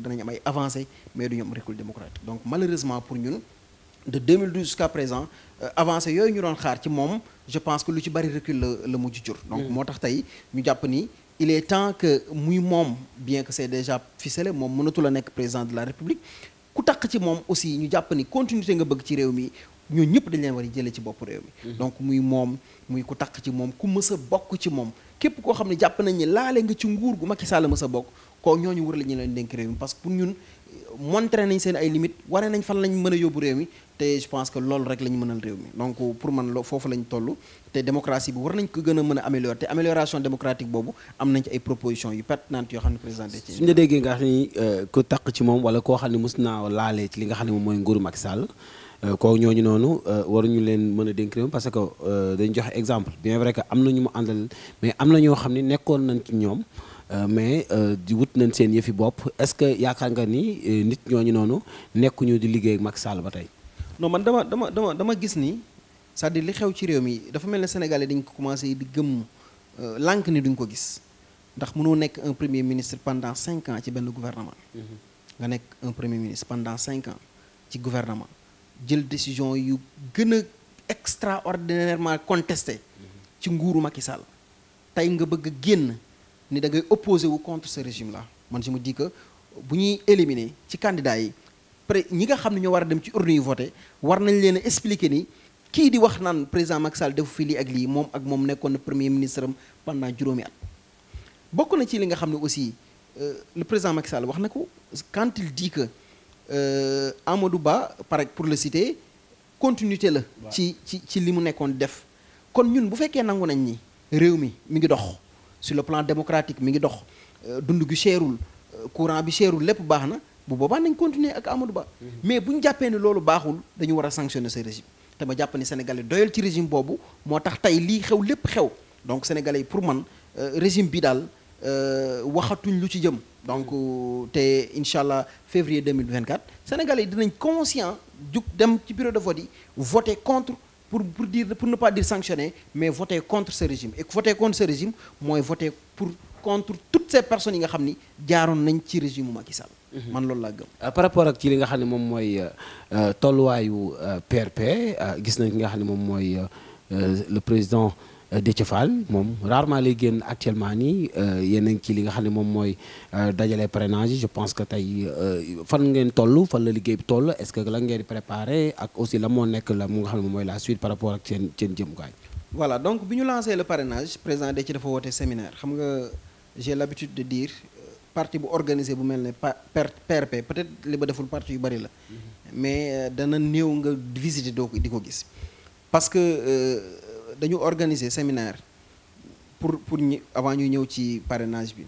danañ am ay avancé mais du ñu am recul démocratique donc malheureusement pour ñun de 2012 jusqu'à présent euh, avancé yooyu ñu doon xaar ci moom je pense que lu ci bari recul la la mujj jur donc mm-hmm. moo tax tey ñu jàpp ni il est temps que muy moom bien que c'est déjà ficelé moom mënatul a nekk président de la république ku takk ci moom aussi ñu jàpp ni continuité nga bëgg ci réew mi ñoo ñëpp dañ leen war a jëlee ci bopp réew mi mm-hmm. donc muy moom muy ku taq ci moom ku mës a bokk ci moom képp koo xam ne jàpp nañ ne laale nga ci nguur gu ma Sall mës a bokk koo ko ñooñu war la ñu leen dénk réew mi parce pour ñun montré nañ seen ay limites waree nañ fan lañ mën a yóbbu réew mi te je pense que loolu rek lañ ñu mënal réew mi donc pour man lo foofu lañ toll te démocratie bi war nañ ko gën a mën a améliorer te amélioration démocratique boobu am nañ ci ay propositions yu pertinentes yoo xam ne président de ci suñu la déggee nga xam ni euh, ku taq ci moom koo xam ne mos naa laalee li nga xam ne moom mooy nguuru Macky Sall euh, kooku ñooñu noonu euh, ñu leen mën a dénk réew parce que dañ joxe exemple bien vrai que am na ñu mu àndal mais am na ñoo xam ne nekkoon nañ ci ñoom Euh, mais euh, di wut nañ seen yëfi bopp est-ce que yaakaar nga ni euh, nit ñooñu noonu nekkuñu di liggéey ak Macky ba tey. non man dama dama dama dama gis ni cest à li xew ci réew mi dafa mel ne Sénégalais dañ ko commencé di gëm lànk ni duñ ko gis ndax mënoo nekk un premier ministre pendant cinq ans ci benn gouvernement. Mm-hmm. nga nekk un premier ministre pendant cinq an ci gouvernement jël décision yu gën a extraordinairement contesté mm-hmm. ci nguuru Macky Sall tey nga bëgg a génn. ni da ngay opposé wu contre ce régime là man je me dis bu ñuy éliminer ci candidats yi pré ñi nga xam ne ñoo war a dem ci urne yu voté war nañ leen a ni kii di wax naan président Macky defu fi lii ak lii moom ak moom nekkoon na premier ministre am pendant juróomi at. bokk na ci li nga xam ne aussi euh, le président Macky wax na ko quand diika dit euh, Amadou Ba pare pour le citer continuité la. ci ci ci li mu nekkoon def. kon ñun bu fekkee nangu nañ ni réew mi mi ngi dox. su le plan démocratique mu ngi dox euh, dund gi seerul euh, courant bi seerul lépp baax na bu boobaan nañ continuer ak Amadou Ba. Mhm. mais bu jàppee ne loolu baaxul dañu war a sanctionner ce régime. te ma jàpp ne sénégalais doyal ci régime boobu moo tax tey lii xew lépp xew donc sénégalais yi pour man euh, régime bi daal waxatuñ lu ci jëm. donc mhm. te incha allah février 2024 sénégalais yi dinañ conscient jug dem ci bureau de vote yi voter contre. pour pour dire pour ne pas dire sanctionner mais voter contre ce régime et voter contre ce régime mooy voter pour contre toutes ces personnes yi nga xam ni jaaroon nañ ci régime mu Macky Sall mhm. man loolu laa gëm. Euh, par rapport ak ci li nga xam ne moom mooy euh, euh, tolluwaayu PRP gis nañ ki nga xam ne moom mooy le président. Euh, Déthié Fall moom rarement lay génn actuellement nii euh, yéen ki li nga xam ne moom mooy euh, dajale parrainage je pense que tey fan ngeen toll fan la liggéey bi toll est-ce que la ngeen préparé ak aussi la moo nekk la mu nga xam ne moom mooy la suite par rapport ak seen seen jëmukaay. voilà donc bi ñu lancé le parrainage président Déthié dafa woote séminaire xam nga j'ai l'habitude de diir parti bu organisé bu mel ne PRP peut-être li ba deful parti yu bari la mm-hmm. mais dana néew nga visiter doo di ko gis dañu organiser séminaire pour pour ñu avant ñuy ñëw ci parenage bi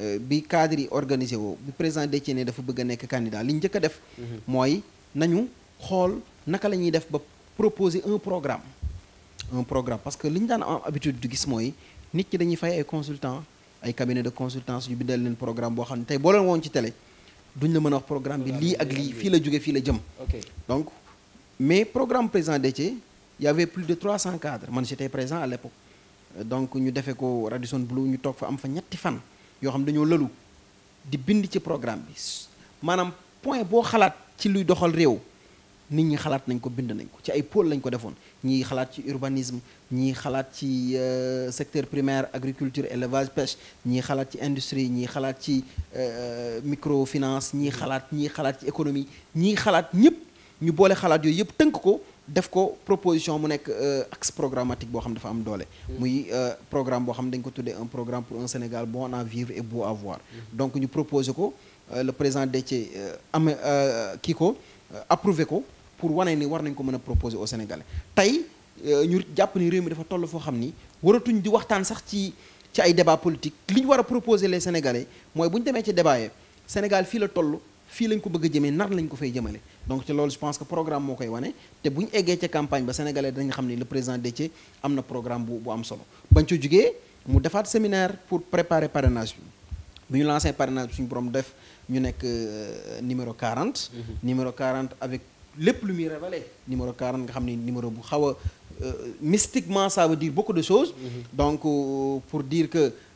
euh, bi cadre yi organisé woo bi président Déthié ne dafa bëgg a nekk candidat li ñu njëkk a def. Mhm. mooy nañu xool naka la ñuy def ba proposer un programme. un programme parce que li ñu daan am habitude du gis mooy nit ñi dañuy fay ay consultants ay cabinet de consultance ñu bindal leen programme boo xam ne tey boo leen woon ci télé duñ la mën a wax programme bi lii ak lii fii la jóge fii la jëm. donc mais programme président Déthié il y avait plus de 300 cadres man j'étais présent à l'époque euh, donc ñu defee ko Radisson Blu ñu toog fa am fa ñetti fan yoo xam dañoo lalu di bind ci programme bi maanaam point boo xalaat ci luy doxal réew nit ñi xalaat nañ ko bind nañ ko ci ay pôle lañ ko defoon ñii xalaat ci urbanisme ñii xalaat ci euh, secteur primaire agriculture élevage pêche ñii xalaat ci industrie ñii xalaat ci euh, microfinance ñii xalaat ñii xalaat ci économie ñii xalaat ñëpp ñu boole xalaat yooyu yëpp tënk ko def ko proposition mu nekk euh, axe programmatique boo xam dafa am doole. Mm. muy euh, programme boo xam dañ ko tuddee un programme pour un Sénégal bon à vivre et beau à mm. donc ñu proposé ko euh, le président Déthié am kii ko approuvé ko pour wane ni war nañ ko mën a proposer au Sénégalais tey ñu jàpp ni réew mi dafa toll foo xam ni waratuñ di waxtaan sax ci ay débat politique li ñu war a proposer les Sénégalais mooy bu demee ci débat yi Sénégal fii la toll. fii lañ ko bëgg a jëmee nar lañ ko fay jëmale donc ci loolu je pense que programme moo koy wane te bu ñu eggee ca campagne ba sénégalais dañ xam ne le président Déthié am na programme bu am solo bañ ca jugee mu defaat séminaire pour préparer parrainage bi bu ñu lancé parrainage bi suñu borom def ñu nekk euh, numéro quarante mhm. numéro 40 avec lépp lu muy révélé numéro 40 nga xam ni numéro bu xaw a euh, mystiquement ça veut dire beaucoup de choses mhm. donc euh, pour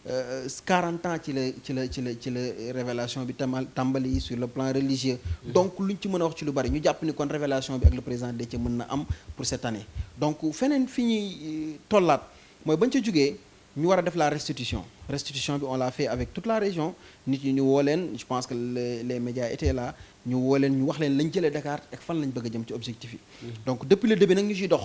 40 euh, euh, ans ci la ci la ci la ci la révélation bi tamal tàmbali sur le plan religieux mm-hmm. donc luñ ci mën a wax ci lu bari ñu jàpp ni kon révélation bi ak le président Déthié mën na am pour cette année donc feneen fi euh, mooy bañ ca jógee ñu war a def la restitution restitution bi on l'a fait avec tout la région nit ñi ñu woo leen je pense que le média médias étaient là ñu woo leen ñu wax leen lañ jëlee Dakar ak fan lañ bëgg a jëm ci objectif yi mm-hmm. donc depuis le début nag ñu ciy dox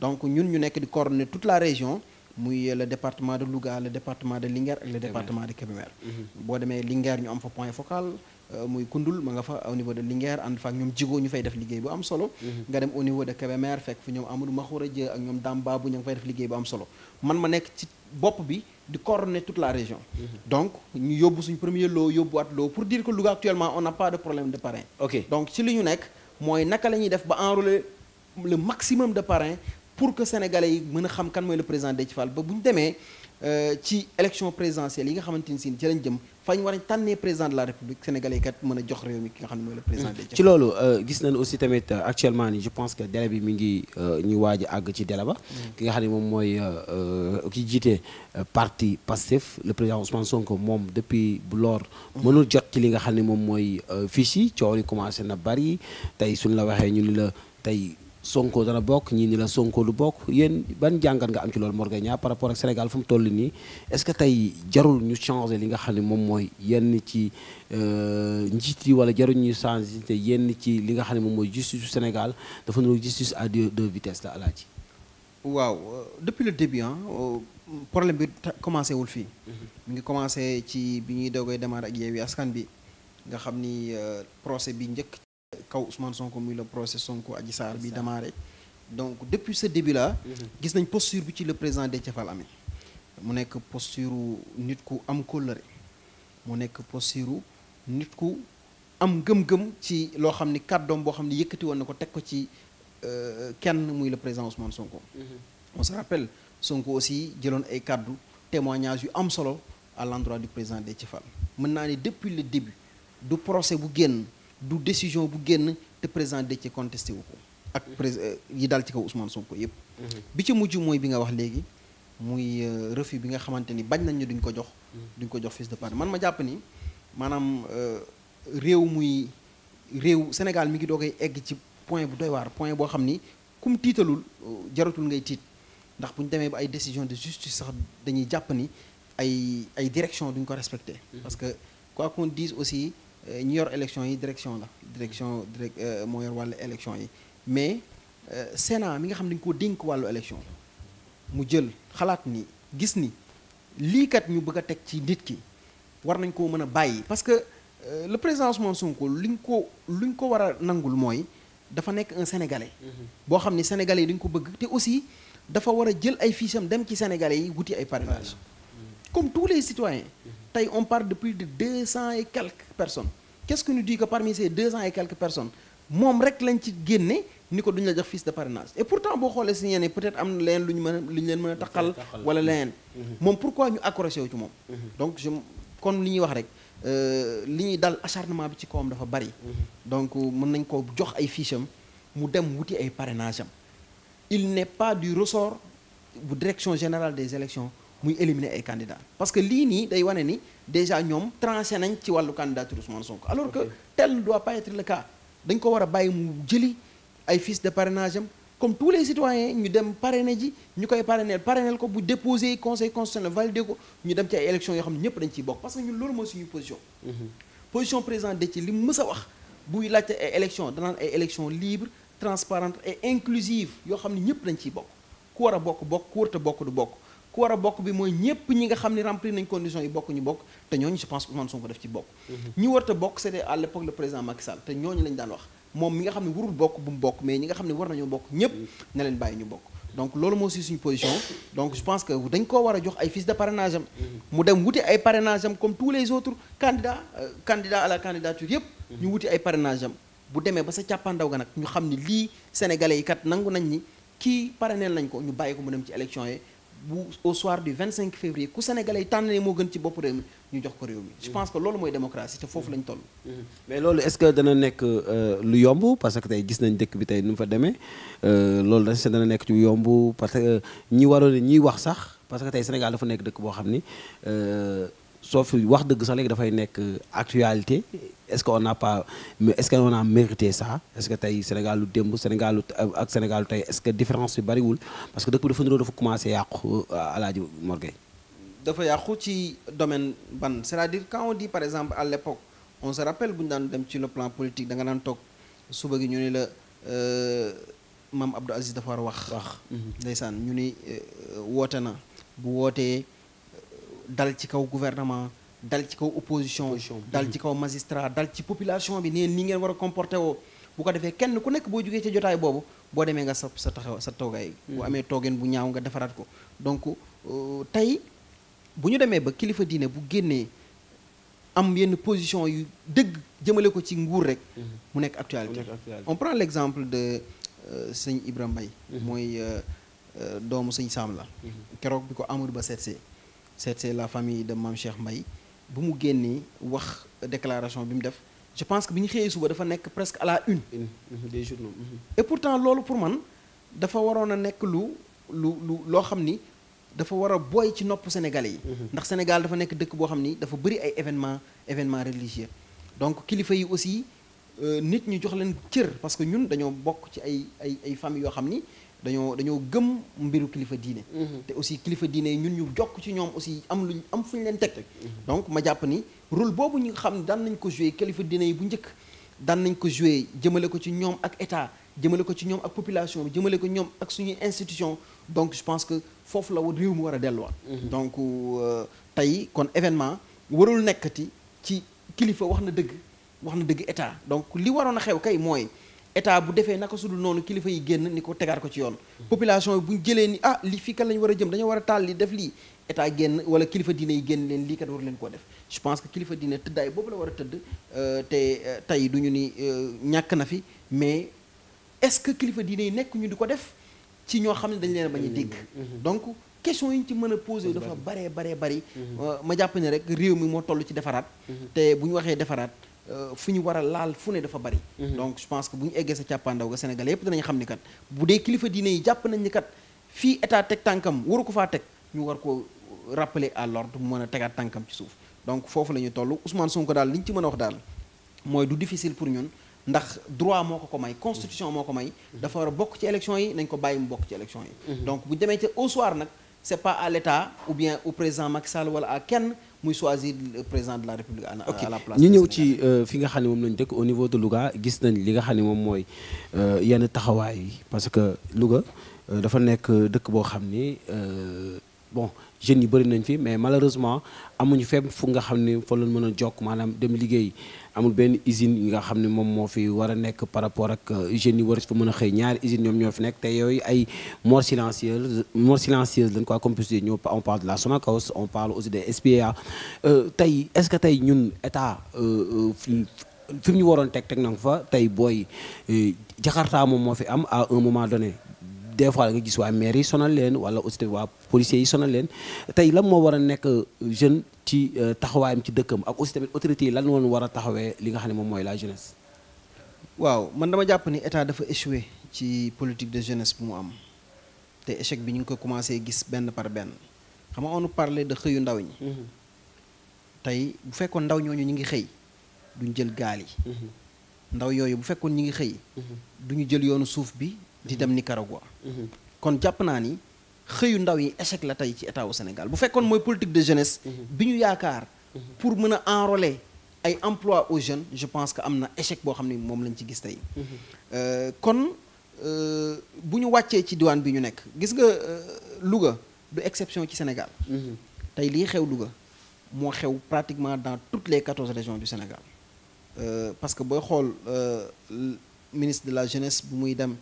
donc ñun ñu nekk di coordonner toute la région muy le département de Louga département de Linguère ak le département de Kébémer mhm. boo demee Linguère ñu am fa point focal euh, muy Kundul ma nga fa au niveau de Linguère ànd fa ñoom jigoo ñu fay def liggéey bu am solo mhm. nga dem au niveau de Kébémer fekk fu ñoom Amadou Mahoura Dieng ak ñoom Dame Babou ñu ngi fay def liggéey bu am solo man ma nekk ci bopp bi di coordonner toute la région mhm. donc ñu yóbbu suñ premier lot yóbbuwaat lot pour dire que Louga actuellement on n'a pas de problème de parrain ok donc ci def ba enrôler le maximum pour que sénégalais yi mën a xam kan mooy le président Déthié Fall ba bu ñu demee euh, ci élection présidentielle yi nga xamante ni si ci lañ jëm fañ war a tànnee président de la république sénégalais kat mën a jox réew mi ki nga xam ne mooy le président hmm. Déthié ci loolu euh, gis nañ euh, je pense que délai bi mi ñu waaj àgg ci délai ba hmm. ki nga xam ne moom mooy ki jiite parti Pastef le président Ousmane Sonko moom depuis bu loor hmm. mënul jot ci li nga xam ne moom mooy fiche yi coow li commencé na bari tey suñ la waxee ñu ni la tey Sonko dana bokk ñii ni la Sonko du bokk yéen ban jàngat nga am ci loolu Mor ñaa par rapport ak Sénégal fu mu toll nii est-ce que tey jarul ñu changer li nga xam ne moom mooy yenn ci euh, njiit yi wala jarul ñu changer yenn ci li nga xam ne moom mooy justice Sénégal dafa nuru justice à deux deux vitesses la alaaji waaw euh, depuis le début ah problème bi commencé wul fii. Mhm. mi ngi commencé ci bi ñuy doogay démarrer ak Yewwi Askan bi nga xam ni procès bi njëkk. kaw Ousmane Sonko muy le procès Sonko Adji Sarr bi démarré donc depuis ce début là mhm. gis nañ posture bi ci le président Déthié Fall mu nekk posture nit ku am kóllëre mu nekk posture nit ku am gëm-gëm ci loo xam ni kàddoom boo xam ne yëkkati woon na ko teg ko ci euh, kenn muy le président Ousmane Sonko mhm. on se rappelle Sonko aussi jëloon ay kàddu témoignages yu am solo à l'endroit du président Déthié Fall naa ne depuis le début du procès bu génn du décision bu génn te président Déthié contesté wu ko ak euh, yi dal ci kaw Ousmane Sonko yëpp. Mhm. bi ci mujj mooy bi nga wax léegi muy euh, refus bi nga xamante ni bañ nañ ñu duñ ko jox. Mhm. duñ ko jox fils de parti man ma jàpp ni maanaam euh, réew muy réew Sénégal mi ngi doo koy egg ci point bu doy waar point boo xam ni kum tiitalul jaratul ngay tiit ndax buñ demee ba ay décision de justice sax dañuy jàpp ni ay ay direction duñ ko respecté. Mhm. parce que quoi qu'on dise ñu yor élection yi direction la direction direct euh, moo yor wàllu élection yi mais euh, Sénat mi nga xam ne dañu ko dénk wàllu élection mu jël xalaat ni gis ni lii kat ñu bëgg a teg ci nit ki war nañ koo mën a bàyyi parce que euh, le président Ousmane Sonko liñ ko luñ ko war a nangul mooy dafa nekk un sénégalais. Mm-hmm. boo xam ne sénégalais yi dañ ko bëgg te aussi dafa war a jël ay fiches dem ci sénégalais yi wuti ay parrainage mm-hmm. comme tous les citoyens. Mm-hmm. tey on parle de plus de deux cent et quelques personnes qu'est-ce que ñu dit que parmi ces deux cent et quelques personnes moom rek lañ ci génne ni ko duñu la jox fiche de parrainage et pourtant boo xoolee si ñeneen peut-être am na leneen lu ñu mën a lu ñu leen mën a taqal wala leneen moom pourquoi ñu accroché wu ci moom donc je kon li ñuy wax rek euh, li ñuy dal acharnement bi ci kawam dafa bari donc mën nañ ko jox ay fiche am mu dem wuti ay parrainage am il n'est pas du bu direction générale des élections muy éliminer ay candidats parce que lii nii day wane ni déjà ñoom tranché nañ ci wàllu candidature Ousmane Sonko alors que tel ne doit pas être le cas dañ ko war a bàyyi mu jëli ay fiches de parrainage comme tous les citoyens ñu dem parrainer ji ñu koy parrainer parrainer ko bu déposer conseil constitutionnel validé ko ñu dem ci ay élections yoo xam ne ñëpp dañ ciy bokk parce que ñun loolu mooy suñu position. Mhm. position président de ci li mu mës a wax buy laajte ay élections ay élections libres transparentes et yoo xam ne ñëpp dañ ciy bokk war a bokk bokk ku warta bokk du bokk. ku war a bokk bi mooy ñëpp ñi nga xam ne remplir nañ conditions yi bokk ñu bokk te ñooñu je pense Ousmane Sonko def ci bokk mhm. ñi warta bokk c'était à l'époque le président Macky Sall te ñooñu lañ daan wax moom mi nga xam ne warul bokk bu mu bokk mais ñi nga xam ne war nañoo bokk ñëpp mhm. na leen bàyyi ñu bokk donc loolu moo si position donc je pense que dañ koo war a jox ay fiches de parrainage mhm. mu dem wuti ay parrainage comme tous les autres candidats euh, candidats ñu am bu demee ba sa yi kat nangu nañ ni kii parrainé nañ ko ñu bàyyi ko mu dem ci yi bu au soir du cinq février ku sénégalais yi tànn ne moo gën ci bopp réew mi ñu jox ko réew mi je pense que loolu mooy démocratie te foofu lañ toll mm-hmm. mais loolu est-ce que dana nekk euh, lu yomb parce que tey gis nañ dëkk bi tey nu mu fa demee euh, loolu da dana nekk ci yomb parce que euh, ñi waroon ñiy wax sax parce que tey Sénégal dafa nekk dëkk boo xam ni soo fi wax dëgg sax léegi dafay nekk actualité est-ce que on n'a est-ce que on a mérité saa est-ce que tey Sénégal lu démb Sénégal ak Sénégal lu tey est-ce que différence bi bariwul parce que dëkk bi dafa niroo dafa commencé yàqu euh, Alaaji Mor Gueye dafa yàqu ci domaine ban c'est-à-dire quand on dit par exemple à l'époque on se rappelle bu ñu daan dem ci le plan politique da nga daan toog suba gi ñu ne la euh, maam Abdou Aziz dafa war wax. wax ndeysaan ñu ni euh, woote na bu wootee. dal ci kaw gouvernement dal ci kaw opposition dal mhm. ci kaw magistrat dal ci population bi neen ni ngeen war a comporté woo bu ko defee kenn ku nekk boo jógee ca jotaay boobu boo demee nga sa sa taxaw sa toogaay mhm. bu amee toogeen bu ñaaw nga defaraat ko donc euh, tey bu ñu demee ba kilifa diine bu génnee am yenn position yu dëgg jëmale ko ci nguur rek mhm. mu nekk actualité on prend l'exemple de euh, sëñ ibra mbay mooy euh, doomu sëñ Saam la keroog bi ko Amadou Ba seetsee c'est la famille de Mame Cheikh Mbaye bu mu génnee wax déclaration bi mu def je pense que bi ñu xëyee suba dafa nekk presque à la une des journaux mm-hmm. et pourtant loolu pour man dafa waroon a nekk lu lu lu loo xam ni dafa war a booy ci nopp sénégalais yi mm-hmm. ndax Sénégal dafa nekk dëkk boo xam ni dafa bëri ay événement événement religieux donc kilifa yi aussi euh, nit ñu jox leen cër parce que ñun dañoo bokk ci ay ay ay famille yoo xam ni dañoo dañoo gëm mbiru kilifa diine mhm. te aussi kilifa diine yi ñun ñu jokk ci ñoom aussi am ñu am fu ñu leen teg mhm. donc ma jàpp ni rôle boobu ñu xam daan nañ ko joué kilifa diine yi bu njëkk daan nañ ko joué jëmale ko ci ñoom ak état jëmale ko ci ñoom ak population jëmale ko ñoom ak suñuy institution donc je pense que foofu la réew mi war a delluwaat mhm. donc euh, tey kon événement warul nekkati ci kilifa wax na dëgg wax na dëgg état donc li waroon a xew kay mooy état bu defee naka sudul noonu kilifa yi génn ni ko tegaat ko ci yoon population bu ñu jëlee ni ah li fii kat la war a jëm dañoo war a taal li def lii état génn wala kilifa diine yi génn leen lii kat war leen koo def je pense que kilifa diine tëddaay boobu la a tëdd euh, te euh, tey du ñu ni euh, ñàkk na fi mais est-ce que kilifa diine yi nekk ñu di ko def ci ñoo xam ne dañ leen a bañ a dégg mm-hmm. donc question yi ñu ci mën a posé dafa baree baree bari mm-hmm. ma jàpp ne rek réew mi moo toll ci defaraat mm-hmm. te bu ñu waxee defaraat Euh, fu ñu war a laal fu ne dafa bari. Mhm. donc je pense que bu ñu eggee sa càppaandaw ga Sénégalais yépp danañ xam ni kat bu dee kilifa diine yi jàpp nañ ni kat fii état teg tànkam waru ko faa teg ñu war ko rappeler à l'ordre mu mën a tegaat tànkam ci suuf donc foofu la ñu toll Ousmane Sonko daal li ñu ci mën a wax daal mooy du difficile pour ñun ndax droit moo ko ko may constitution moo ko may mhm. dafa war a bokk ci élection yi nañ ko bàyyi mu bokk ci élection yi mhm. muy choisir le président de la république à la place ñu ñëw ci euh, fi nga xam ne moom lañu dëkk au niveau de luga gis nañ li nga xam ne moom mooy euh, yenn taxawaay parce que Louga euh, dafa nekk dëkk boo xam ni bon jeunes yi bëri nañ fi mais malheureusement amuñu feeb fu nga xam ni foo lañ mën a jokk maanaam dem liggéey amul benn usine yi nga xam ne moom moo fi war a nekk par rapport ak euh, jeunes yi war fa mën a xëy ñaari usines ñoom ñoo fi nekk te yooyu ay mort silencieuse mort silencieuse lañ quoi comme puisse ñoo on parle de la Sonacos on parle aussi des SPA euh, tey est-ce que tey ñun état euh, fi mu ñu waroon teg teg na fa tey booy Jakarta moom moo fi am à un moment donné des a nga gis waa maire yi sonal leen wala aussi waa policiers yi sonal leen tey lan moo war a nekk jeune ci euh, taxawaayam ci dëkkam ak aussi tamit autorités yi lan woon war a taxawee li nga xam ne moom mooy la jeunesse. waaw man dama jàpp ni état dafa échoué ci politique de jeunesse bu mu am te échec bi ñu ngi ko commencé gis benn par benn xam nga on parle de xëyu ndaw ñi. Mhm. tey bu fekkoon ndaw ñooñu ñu ngi xëy duñ jël gaal yi. Mhm. ndaw yooyu bu fekkoon ñu ngi xëy. Mhm. duñu jël yoonu suuf bi di dem Nicaragua. Mhm. kon jàpp naa ni xëyu ndaw yi échec la tey ci état wu Sénégal bu fekkoon mooy politique de jeunesse. Mhm. bi ñu yaakaar. Mhm. pour mën a enrôler ay emploi aux jeunes je pense que am na échec boo xam ni moom lañ ci gis tey. Euh, kon euh, bu ñu wàccee ci diwaan bi ñu nekk gis nga euh, Louga du exception ci Sénégal. tey lii xew luga moo xew pratiquement dans toutes les quatorze régions du Sénégal parce que booy xool ministre de la jeunesse bu muy dem.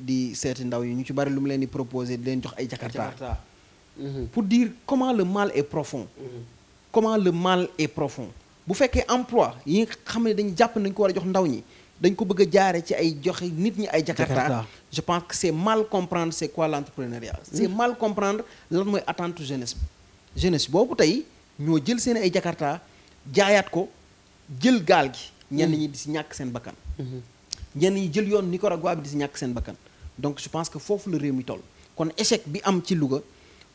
di seeti ndaw yi ñu ci bari lu mu leen di proposer di leen jox ay jakarta mhm. pour dire comment le mal est profond mhm. comment le mal est profond bu fekkee emploi yi nga xam ne dañu jàpp nañ ko war a jox ndaw ñi dañ ko bëgg a jaare ci ay joxe nit ñi ay jakarta je pense que c'est mal comprendre c'est quoi l'entrepreneuriat mhm. c'est mal comprendre lan mooy attente jeunesse bi jeunesse boobu tey ñoo jël seen ay jakarta jaayaat ko jël gaal gi ñenn ñi di si ñàkk seen bakkan ñenn ñi jël yoon Nicaragua bi di si ñàkk seen bakkan donc je pense que foofu la réew mi toll kon échec bi am ci Louga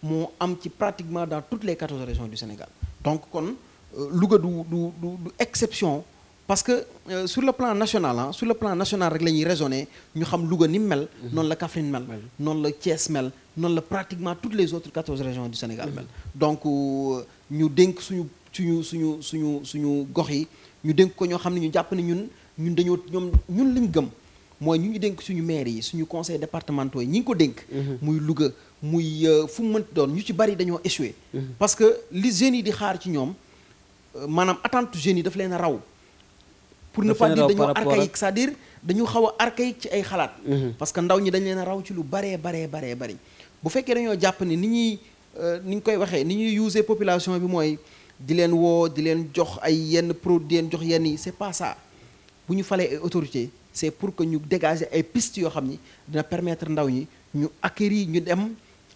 moo am ci pratiquement dans toutes les quatorze régions du Sénégal donc kon euh, Louga du du du exception parce que euh, sur le plan national ah sur le plan national rek lañuy ñuy ñu xam luga ni mel mhm. noonu la Kaffrine mel noonu la Thiès mel noonu la pratiquement toutes les autres quatorze régions du Sénégal mhm. mel donc euh, ñu dénk suñu suñu suñu suñu suñu gox yi ñu dénk ko ñoo xam ne ñu jàpp ne ñun ñun dañoo ñoom ñun lañ gëm mooy ñu ñu dénk suñu maire yi suñu conseil départementaux yi ñi ngi ko dénk mhm. muy luga muy euh, fu mu mënti doon ñu ci bari dañoo échoué mhm. parce que li jeunes yi di xaar ci ñoom euh, maanaam attente jeunes yi daf leen a raw pour ne pas dire dañoo archaïque c'est-à-dire dañu xaw a archaïque ci ay xalaat mhm. parce que ndaw ñi dañ leen raw ci lu baree baree baree bari bu fekkee dañoo jàpp ne ni ñuy euh, ni ñu koy waxee ni ñuy user population bi mooy di leen woo di leen jox ay yenn produit di leen jox yenn yi c'est pas bu ñu falee autorité c' est pour que ñu dégager ay pistes yoo xam ni dina permettre ndaw ñi ñu acquérir ñu dem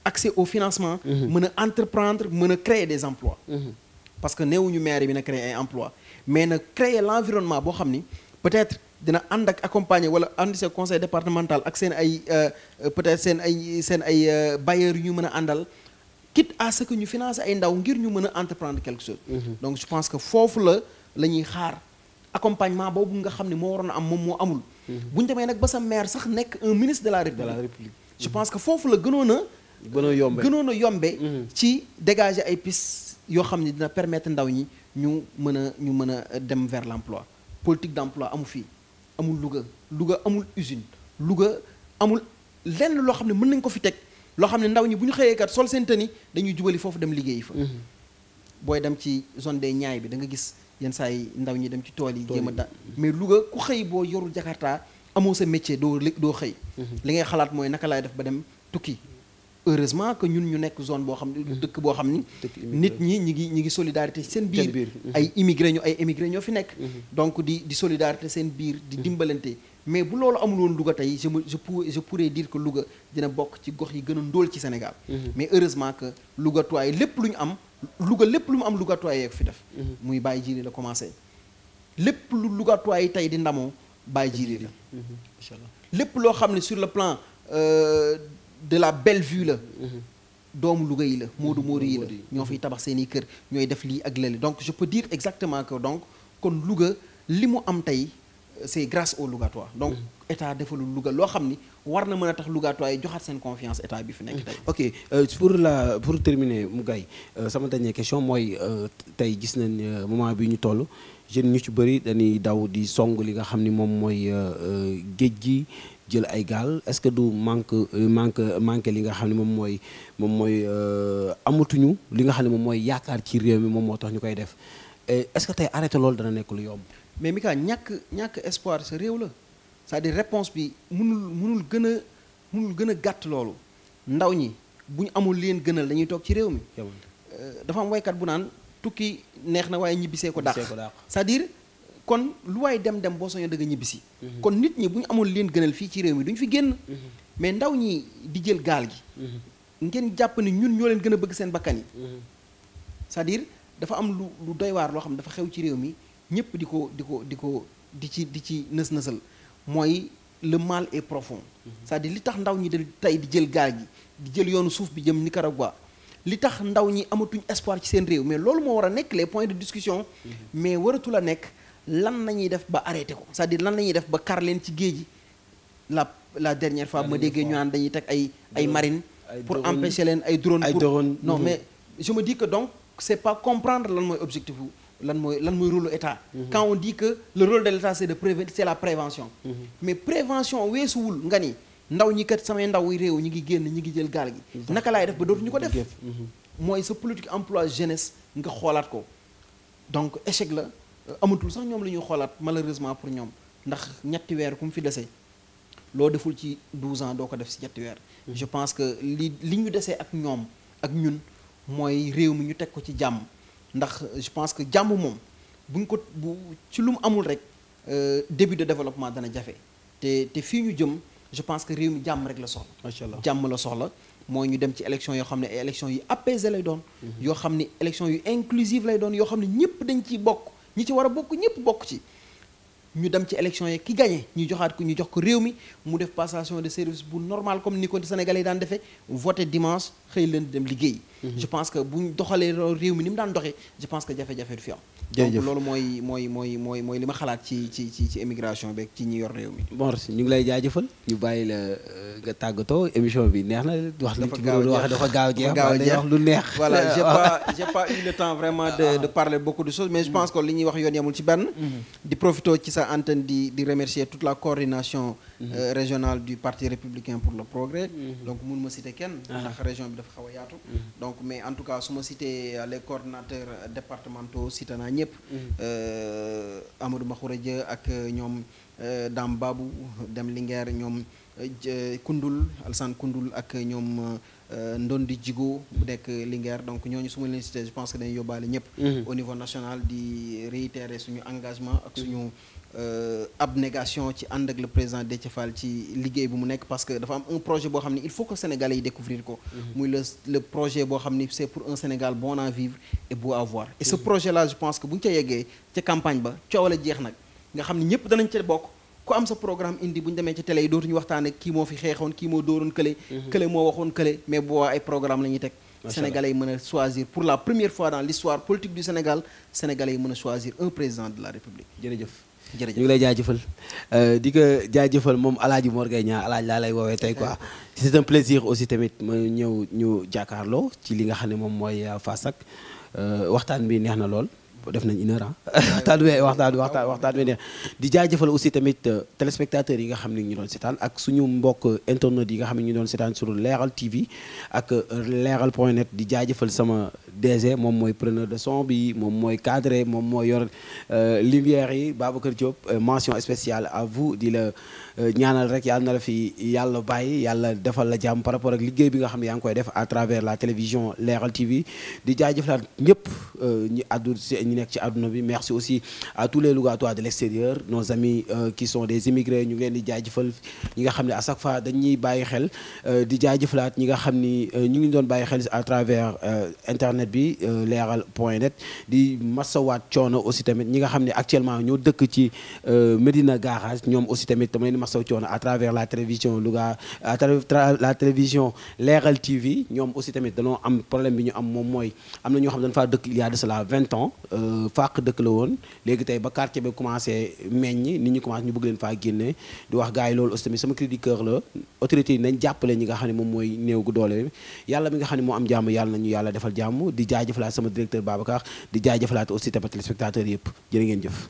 accès au financement. Mhm. mën a entreprendre mën a créer des emplois. Mhm. parce que néewuñu maire bi na créer ay emplois mais na créer l' environnement boo xam ni peut-être dina ànd ak accompagner wala ànd seen conseil départemental ak seen ay euh, peut-être seen ay seen ay euh, bailleurs yu ñu mën a àndal. quitte à ce ñu financer ay ndaw ngir ñu mën a entreprendre quelque chose. Mhm. donc je pense que foofu la la ñuy xaar. accompagnement boobu nga xam ne moo waroon am moom moo amul. Mhm. bu ñu demee nag ba sa maire sax nekk un ministre de la république. de la je pense que foofu la gënoon a. gënoon a yombe a yombe mhm. ci dégager ay pistes yoo xam ne dina permettre ndaw ñi ñu mën a ñu mën a dem vers l' emploi. politique d' amu fii amul Louga Louga amul usine Louga amul lenn loo xam ne mën nañ ko fi teg loo xam ne ndaw ñi bu ñu xëyee kat sol seen tëni dañuy jubali foofu dem liggéeyi fa. Mhm. booy dem ci zone des Niayes bi da nga gis. yenn saa yi ndaw ñi dem ci tool yi jéem a da mais Louga ku xëy boo yorul Jakarta amoo sa métier doo li doo xëy mhm. li ngay xalaat mooy naka laay def ba dem tukki heureusement que ñun ñu nekk zone boo xam ne mhm. dëkk boo xam ni nit ñi ñi ngi ñi ngi solidarité seen biir mhm. ay immigré ñu ay émigré ñoo fi nekk donc di di solidarité seen biir di dimbalante mais bu loolu amul woon Louga tey je me je pour je ko dire Louga dina bokk ci gox yi gën a ndóol ci Sénégal mais heureusement que Louga tuwaay lépp lu ñu am Louga lépp lu mu am Louga toyee fi def mhm. muy Baye Jili la commencé lépp lu Louga toy tey di ndamoo Baye Jili la mhm. lépp loo xam ne sur le plan euh, de la belle vue la mhm. doomu Louga yi la Moodu Moodu yi la ñoo fiy tabax seen i kër ñooy def lii ak lële donc je peux dire exactement que donc kon Louga li mu am tey c'est grace au Lougatois donc mm-hmm. état defalul Louga loo xam ni war na mën a tax Lougatois yi joxaat seen confiance état bi fi nekk tey. Mm-hmm. ok euh, pour la pour terminer Mougaye euh, sama dernière question mooy euh, tey gis nañ moment bi ñu toll jeunes ñu ci bëri dañuy daw di song li nga xam ni moom mooy géej gi jël ay gaal est-ce que du manque manque manque li nga xam ne moom mooy moom mooy amatuñu li nga xam ne moom mooy yaakaar ci réew mi moom moo tax ñu koy def est-ce que tey arrêté loolu dana nekk lu mais mi kaa ñàkk ñàkk espoir sa réew la c'est-à-dire bi munul munul gën a mënul gën a gàtt loolu ndaw ñi bu ñu amul leen gënal dañuy toog ci réew mi euh, dafa waykat bu naan tukki neex na waaye ñibbisee ko dàq cest à kon lu waay dem dem boo soño dëgg ñibbisi mhm. kon nit ñi bu ñu amul leen gënal fii ci réew mi duñu fi génn mhm. mais ndaw ñi di jël gaal gi mhm. ngeen jàpp ni ñun ñoo leen gën a bëgg seen bakkan yi cest à dafa am lu lu doy waar loo xam dafa xew ci réew mi ñëpp di ko di ko di ko di ci di ci nës nësal mooy le mal est profond mhm. cest à li tax ndaw ñi de tey di jël gaal gi di jël yoonu suuf bi jëm Nicaragua li tax ndaw ñi amatuñ espoir ci seen réew mais loolu moo war a nekk les points de discussion mhm. mais waratul a nekk lan la ñuy def ba arrêté ko cest à lan la ñuy def ba kar leen ci géej gi la la dernière fois ma déggee ñu naan dañuy teg ay ay marine pour empêcher leen ay drone pour non mhm. mais je me dis donc c'est pas comprendre lan mooy objectif lan mooy lan mooy rôle état. Mhm. quand on dit que le rôle de l' état de prévenir c' est la prévention. Mhm. mais prévention weesuwul nga ni ndaw ñi kat samay ndaw réew ñi ngi génn ñi ngi jël gaal gi. naka laay def ba dootuñu ko def. Mhm. mooy sa politique emploi jeunesse nga xoolaat ko donc échec la amatul sax ñoom la ñuy xoolaat malheureusement pour ñoom ndax ñetti weer ku mu fi dese loo deful ci 12 ans doo ko def si ñetti weer. je pense que li li ñu desee ak ñoom ak ñun mooy réew mi ñu teg ko ci jàmm. ndax je pense que jàmm moom buñ ko bu ci lu mu amul rek euh, début de développement dana jafe te te fii ñu jëm je pense que réew mi jàmm rek la soxla. macha allah jàmm la soxla mooy ñu dem ci élection yoo xam ne ay élection yu apaisé lay mhm. yoo xam ne élection yu inclusive lay doon yoo xam ne ñëpp dañ ciy bokk ñi ci war a bokk ñëpp bokk ci. ñu dem ci élection yi ki gagné ñu joxaat ko ñu jox ko réew mi mu def passation de service bu normal comme ni ko sénégal yi daan defee voté dimanche xëy leen dem liggéey. Mhm. je pense que bu ñu doxalee réew mi ni mu daan doxee je pense que jafe-jafe du fi am. jërëjëf loolu mooy mooy mooy mooy mooy li ma xalaat ci ci ci ci émigration ci ñi yor réew mi. ñu ngi lay jaajëfal ñu bàyyi la euh, nga tàggatoo émission bi neex na wax li ci bëggoon wax dafa gaaw jeex wax lu neex. voilà j'ai pas j'ai pas eu le temps vraiment de ah. de parler beaucoup de choses mais je pense que li ñuy wax yoon yamul ci benn. Mhm. di profito ci sa antenne di di remercier toute la coordination. Mhm. Euh, régional du parti républicain pour le progrès mhm. donc mun ma citer kenn ah. ndax région bi dafa xaw a yaatu mhm. donc mais en tout cas su ma citer euh, les coordonnateurs euh, départementaux cité naa ñëpp Amadou Makhura Dia ak ñoom Dame Babou Dem Linguère ñoom Kundul Alsane Kundul ak ñoom Ndondi Djigo bu nekk Linguère donc ñooñu su ma leen cité je pense que dañuy yóbbaale ñëpp au niveau national di réitérer suñu engagement ak suñu Euh, abnégation ci ànd ak le président Déthié Fall ci liggéey bu mu nekk parce que dafa am un projet boo xam ni il faut que sénégalais yi découvrir ko mhm. muy le le projet boo xam ni c'est pour un Sénégal bon à vivre et beau à voir et ce mhm. projet là je pense que bu ñu ca yeggee ca la jeex nag nga xam ni ñëpp danañ ca bokk ku am sa programme indi bu ñu demee ci télé yi dootuñu waxtaane kii moo fi xeexoon kii moo dóoroon kële mhm. kële moo waxoon kële mais boobaa ay programme la ñuy teg sénégalais yi mën a choisir pour la première fois dans l'histoire politique jërëjëf ñu ngi lay jaajëfal euh, di ko jaajëfal moom alaaji Mor Gueye ñaa alaaj laa lay woowee tey quoi c'est un plaisir aussi tamit ma ñëw ñu jàkkaarloo ci li nga xam ne moom mooy Fass ak euh, waxtaan bi neex na lool def nañ une heure ah. waxtaan wi waxtaan waxtaan waxtaan wi neex di jaajëfal aussi tamit euh, téléspectateurs yi nga xam ne ñu doon seetaan ak suñu mbokk euh, internautes yi nga xam ne ñu doon seetaan sur Leral TV ak euh, Leral point net di jëfal sama DG moom mooy preneur de son bi moom mooy cadre moom mooy yor lumière yi Babacar Diop mention spéciale à vous di la ñaanal rek yàlla na la fi yàlla bàyyi yàlla defal la jàmm par rapport ak liggéey bi nga xam ne yaa ngi koy def à travers la télévision Leral TV di jaajëfalaat ñëpp euh, ñi addu ñi nekk ci àdduna bi merci aussi à tous les Lougatois de l'extérieur nos amis euh, qui sont des immigrés ñu ngi leen di jaajëfal ñi nga xam ne à chaque fois dañuy bàyyi xel euh, di jaajëfalaat ñi nga xam ni ñu ngi doon bàyyi xel à travers internet bi leeral point net di waat coono aussi tamit ñi nga xam ne actuellement ñoo dëkk ci Medina garage ñoom aussi tamit masaw coono à travers la télévision Louga à travers la télévision Leral TV ñoom aussi tamit danoo am problème bi ñu am moom mooy am na ñoo xam dañu faa dëkk il y a de cela ans euh, fàq dëkk la woon léegi tey ba quartier ba commencé meññ nit ñi commencé ñu bëgg leen faa génne di wax gars yi loolu aussi tamit sama cri du la autorité yi nañ jàppale ñi nga xam ne moom mooy néew gu doole yàlla mi nga xam ne moo am jàmm yàlla nañu yàlla defal jàmm di jaajëfalaat sama directeur Babacar di jaajëfalaat aussi tamit téléspectateurs yëpp jërë ngeen jëf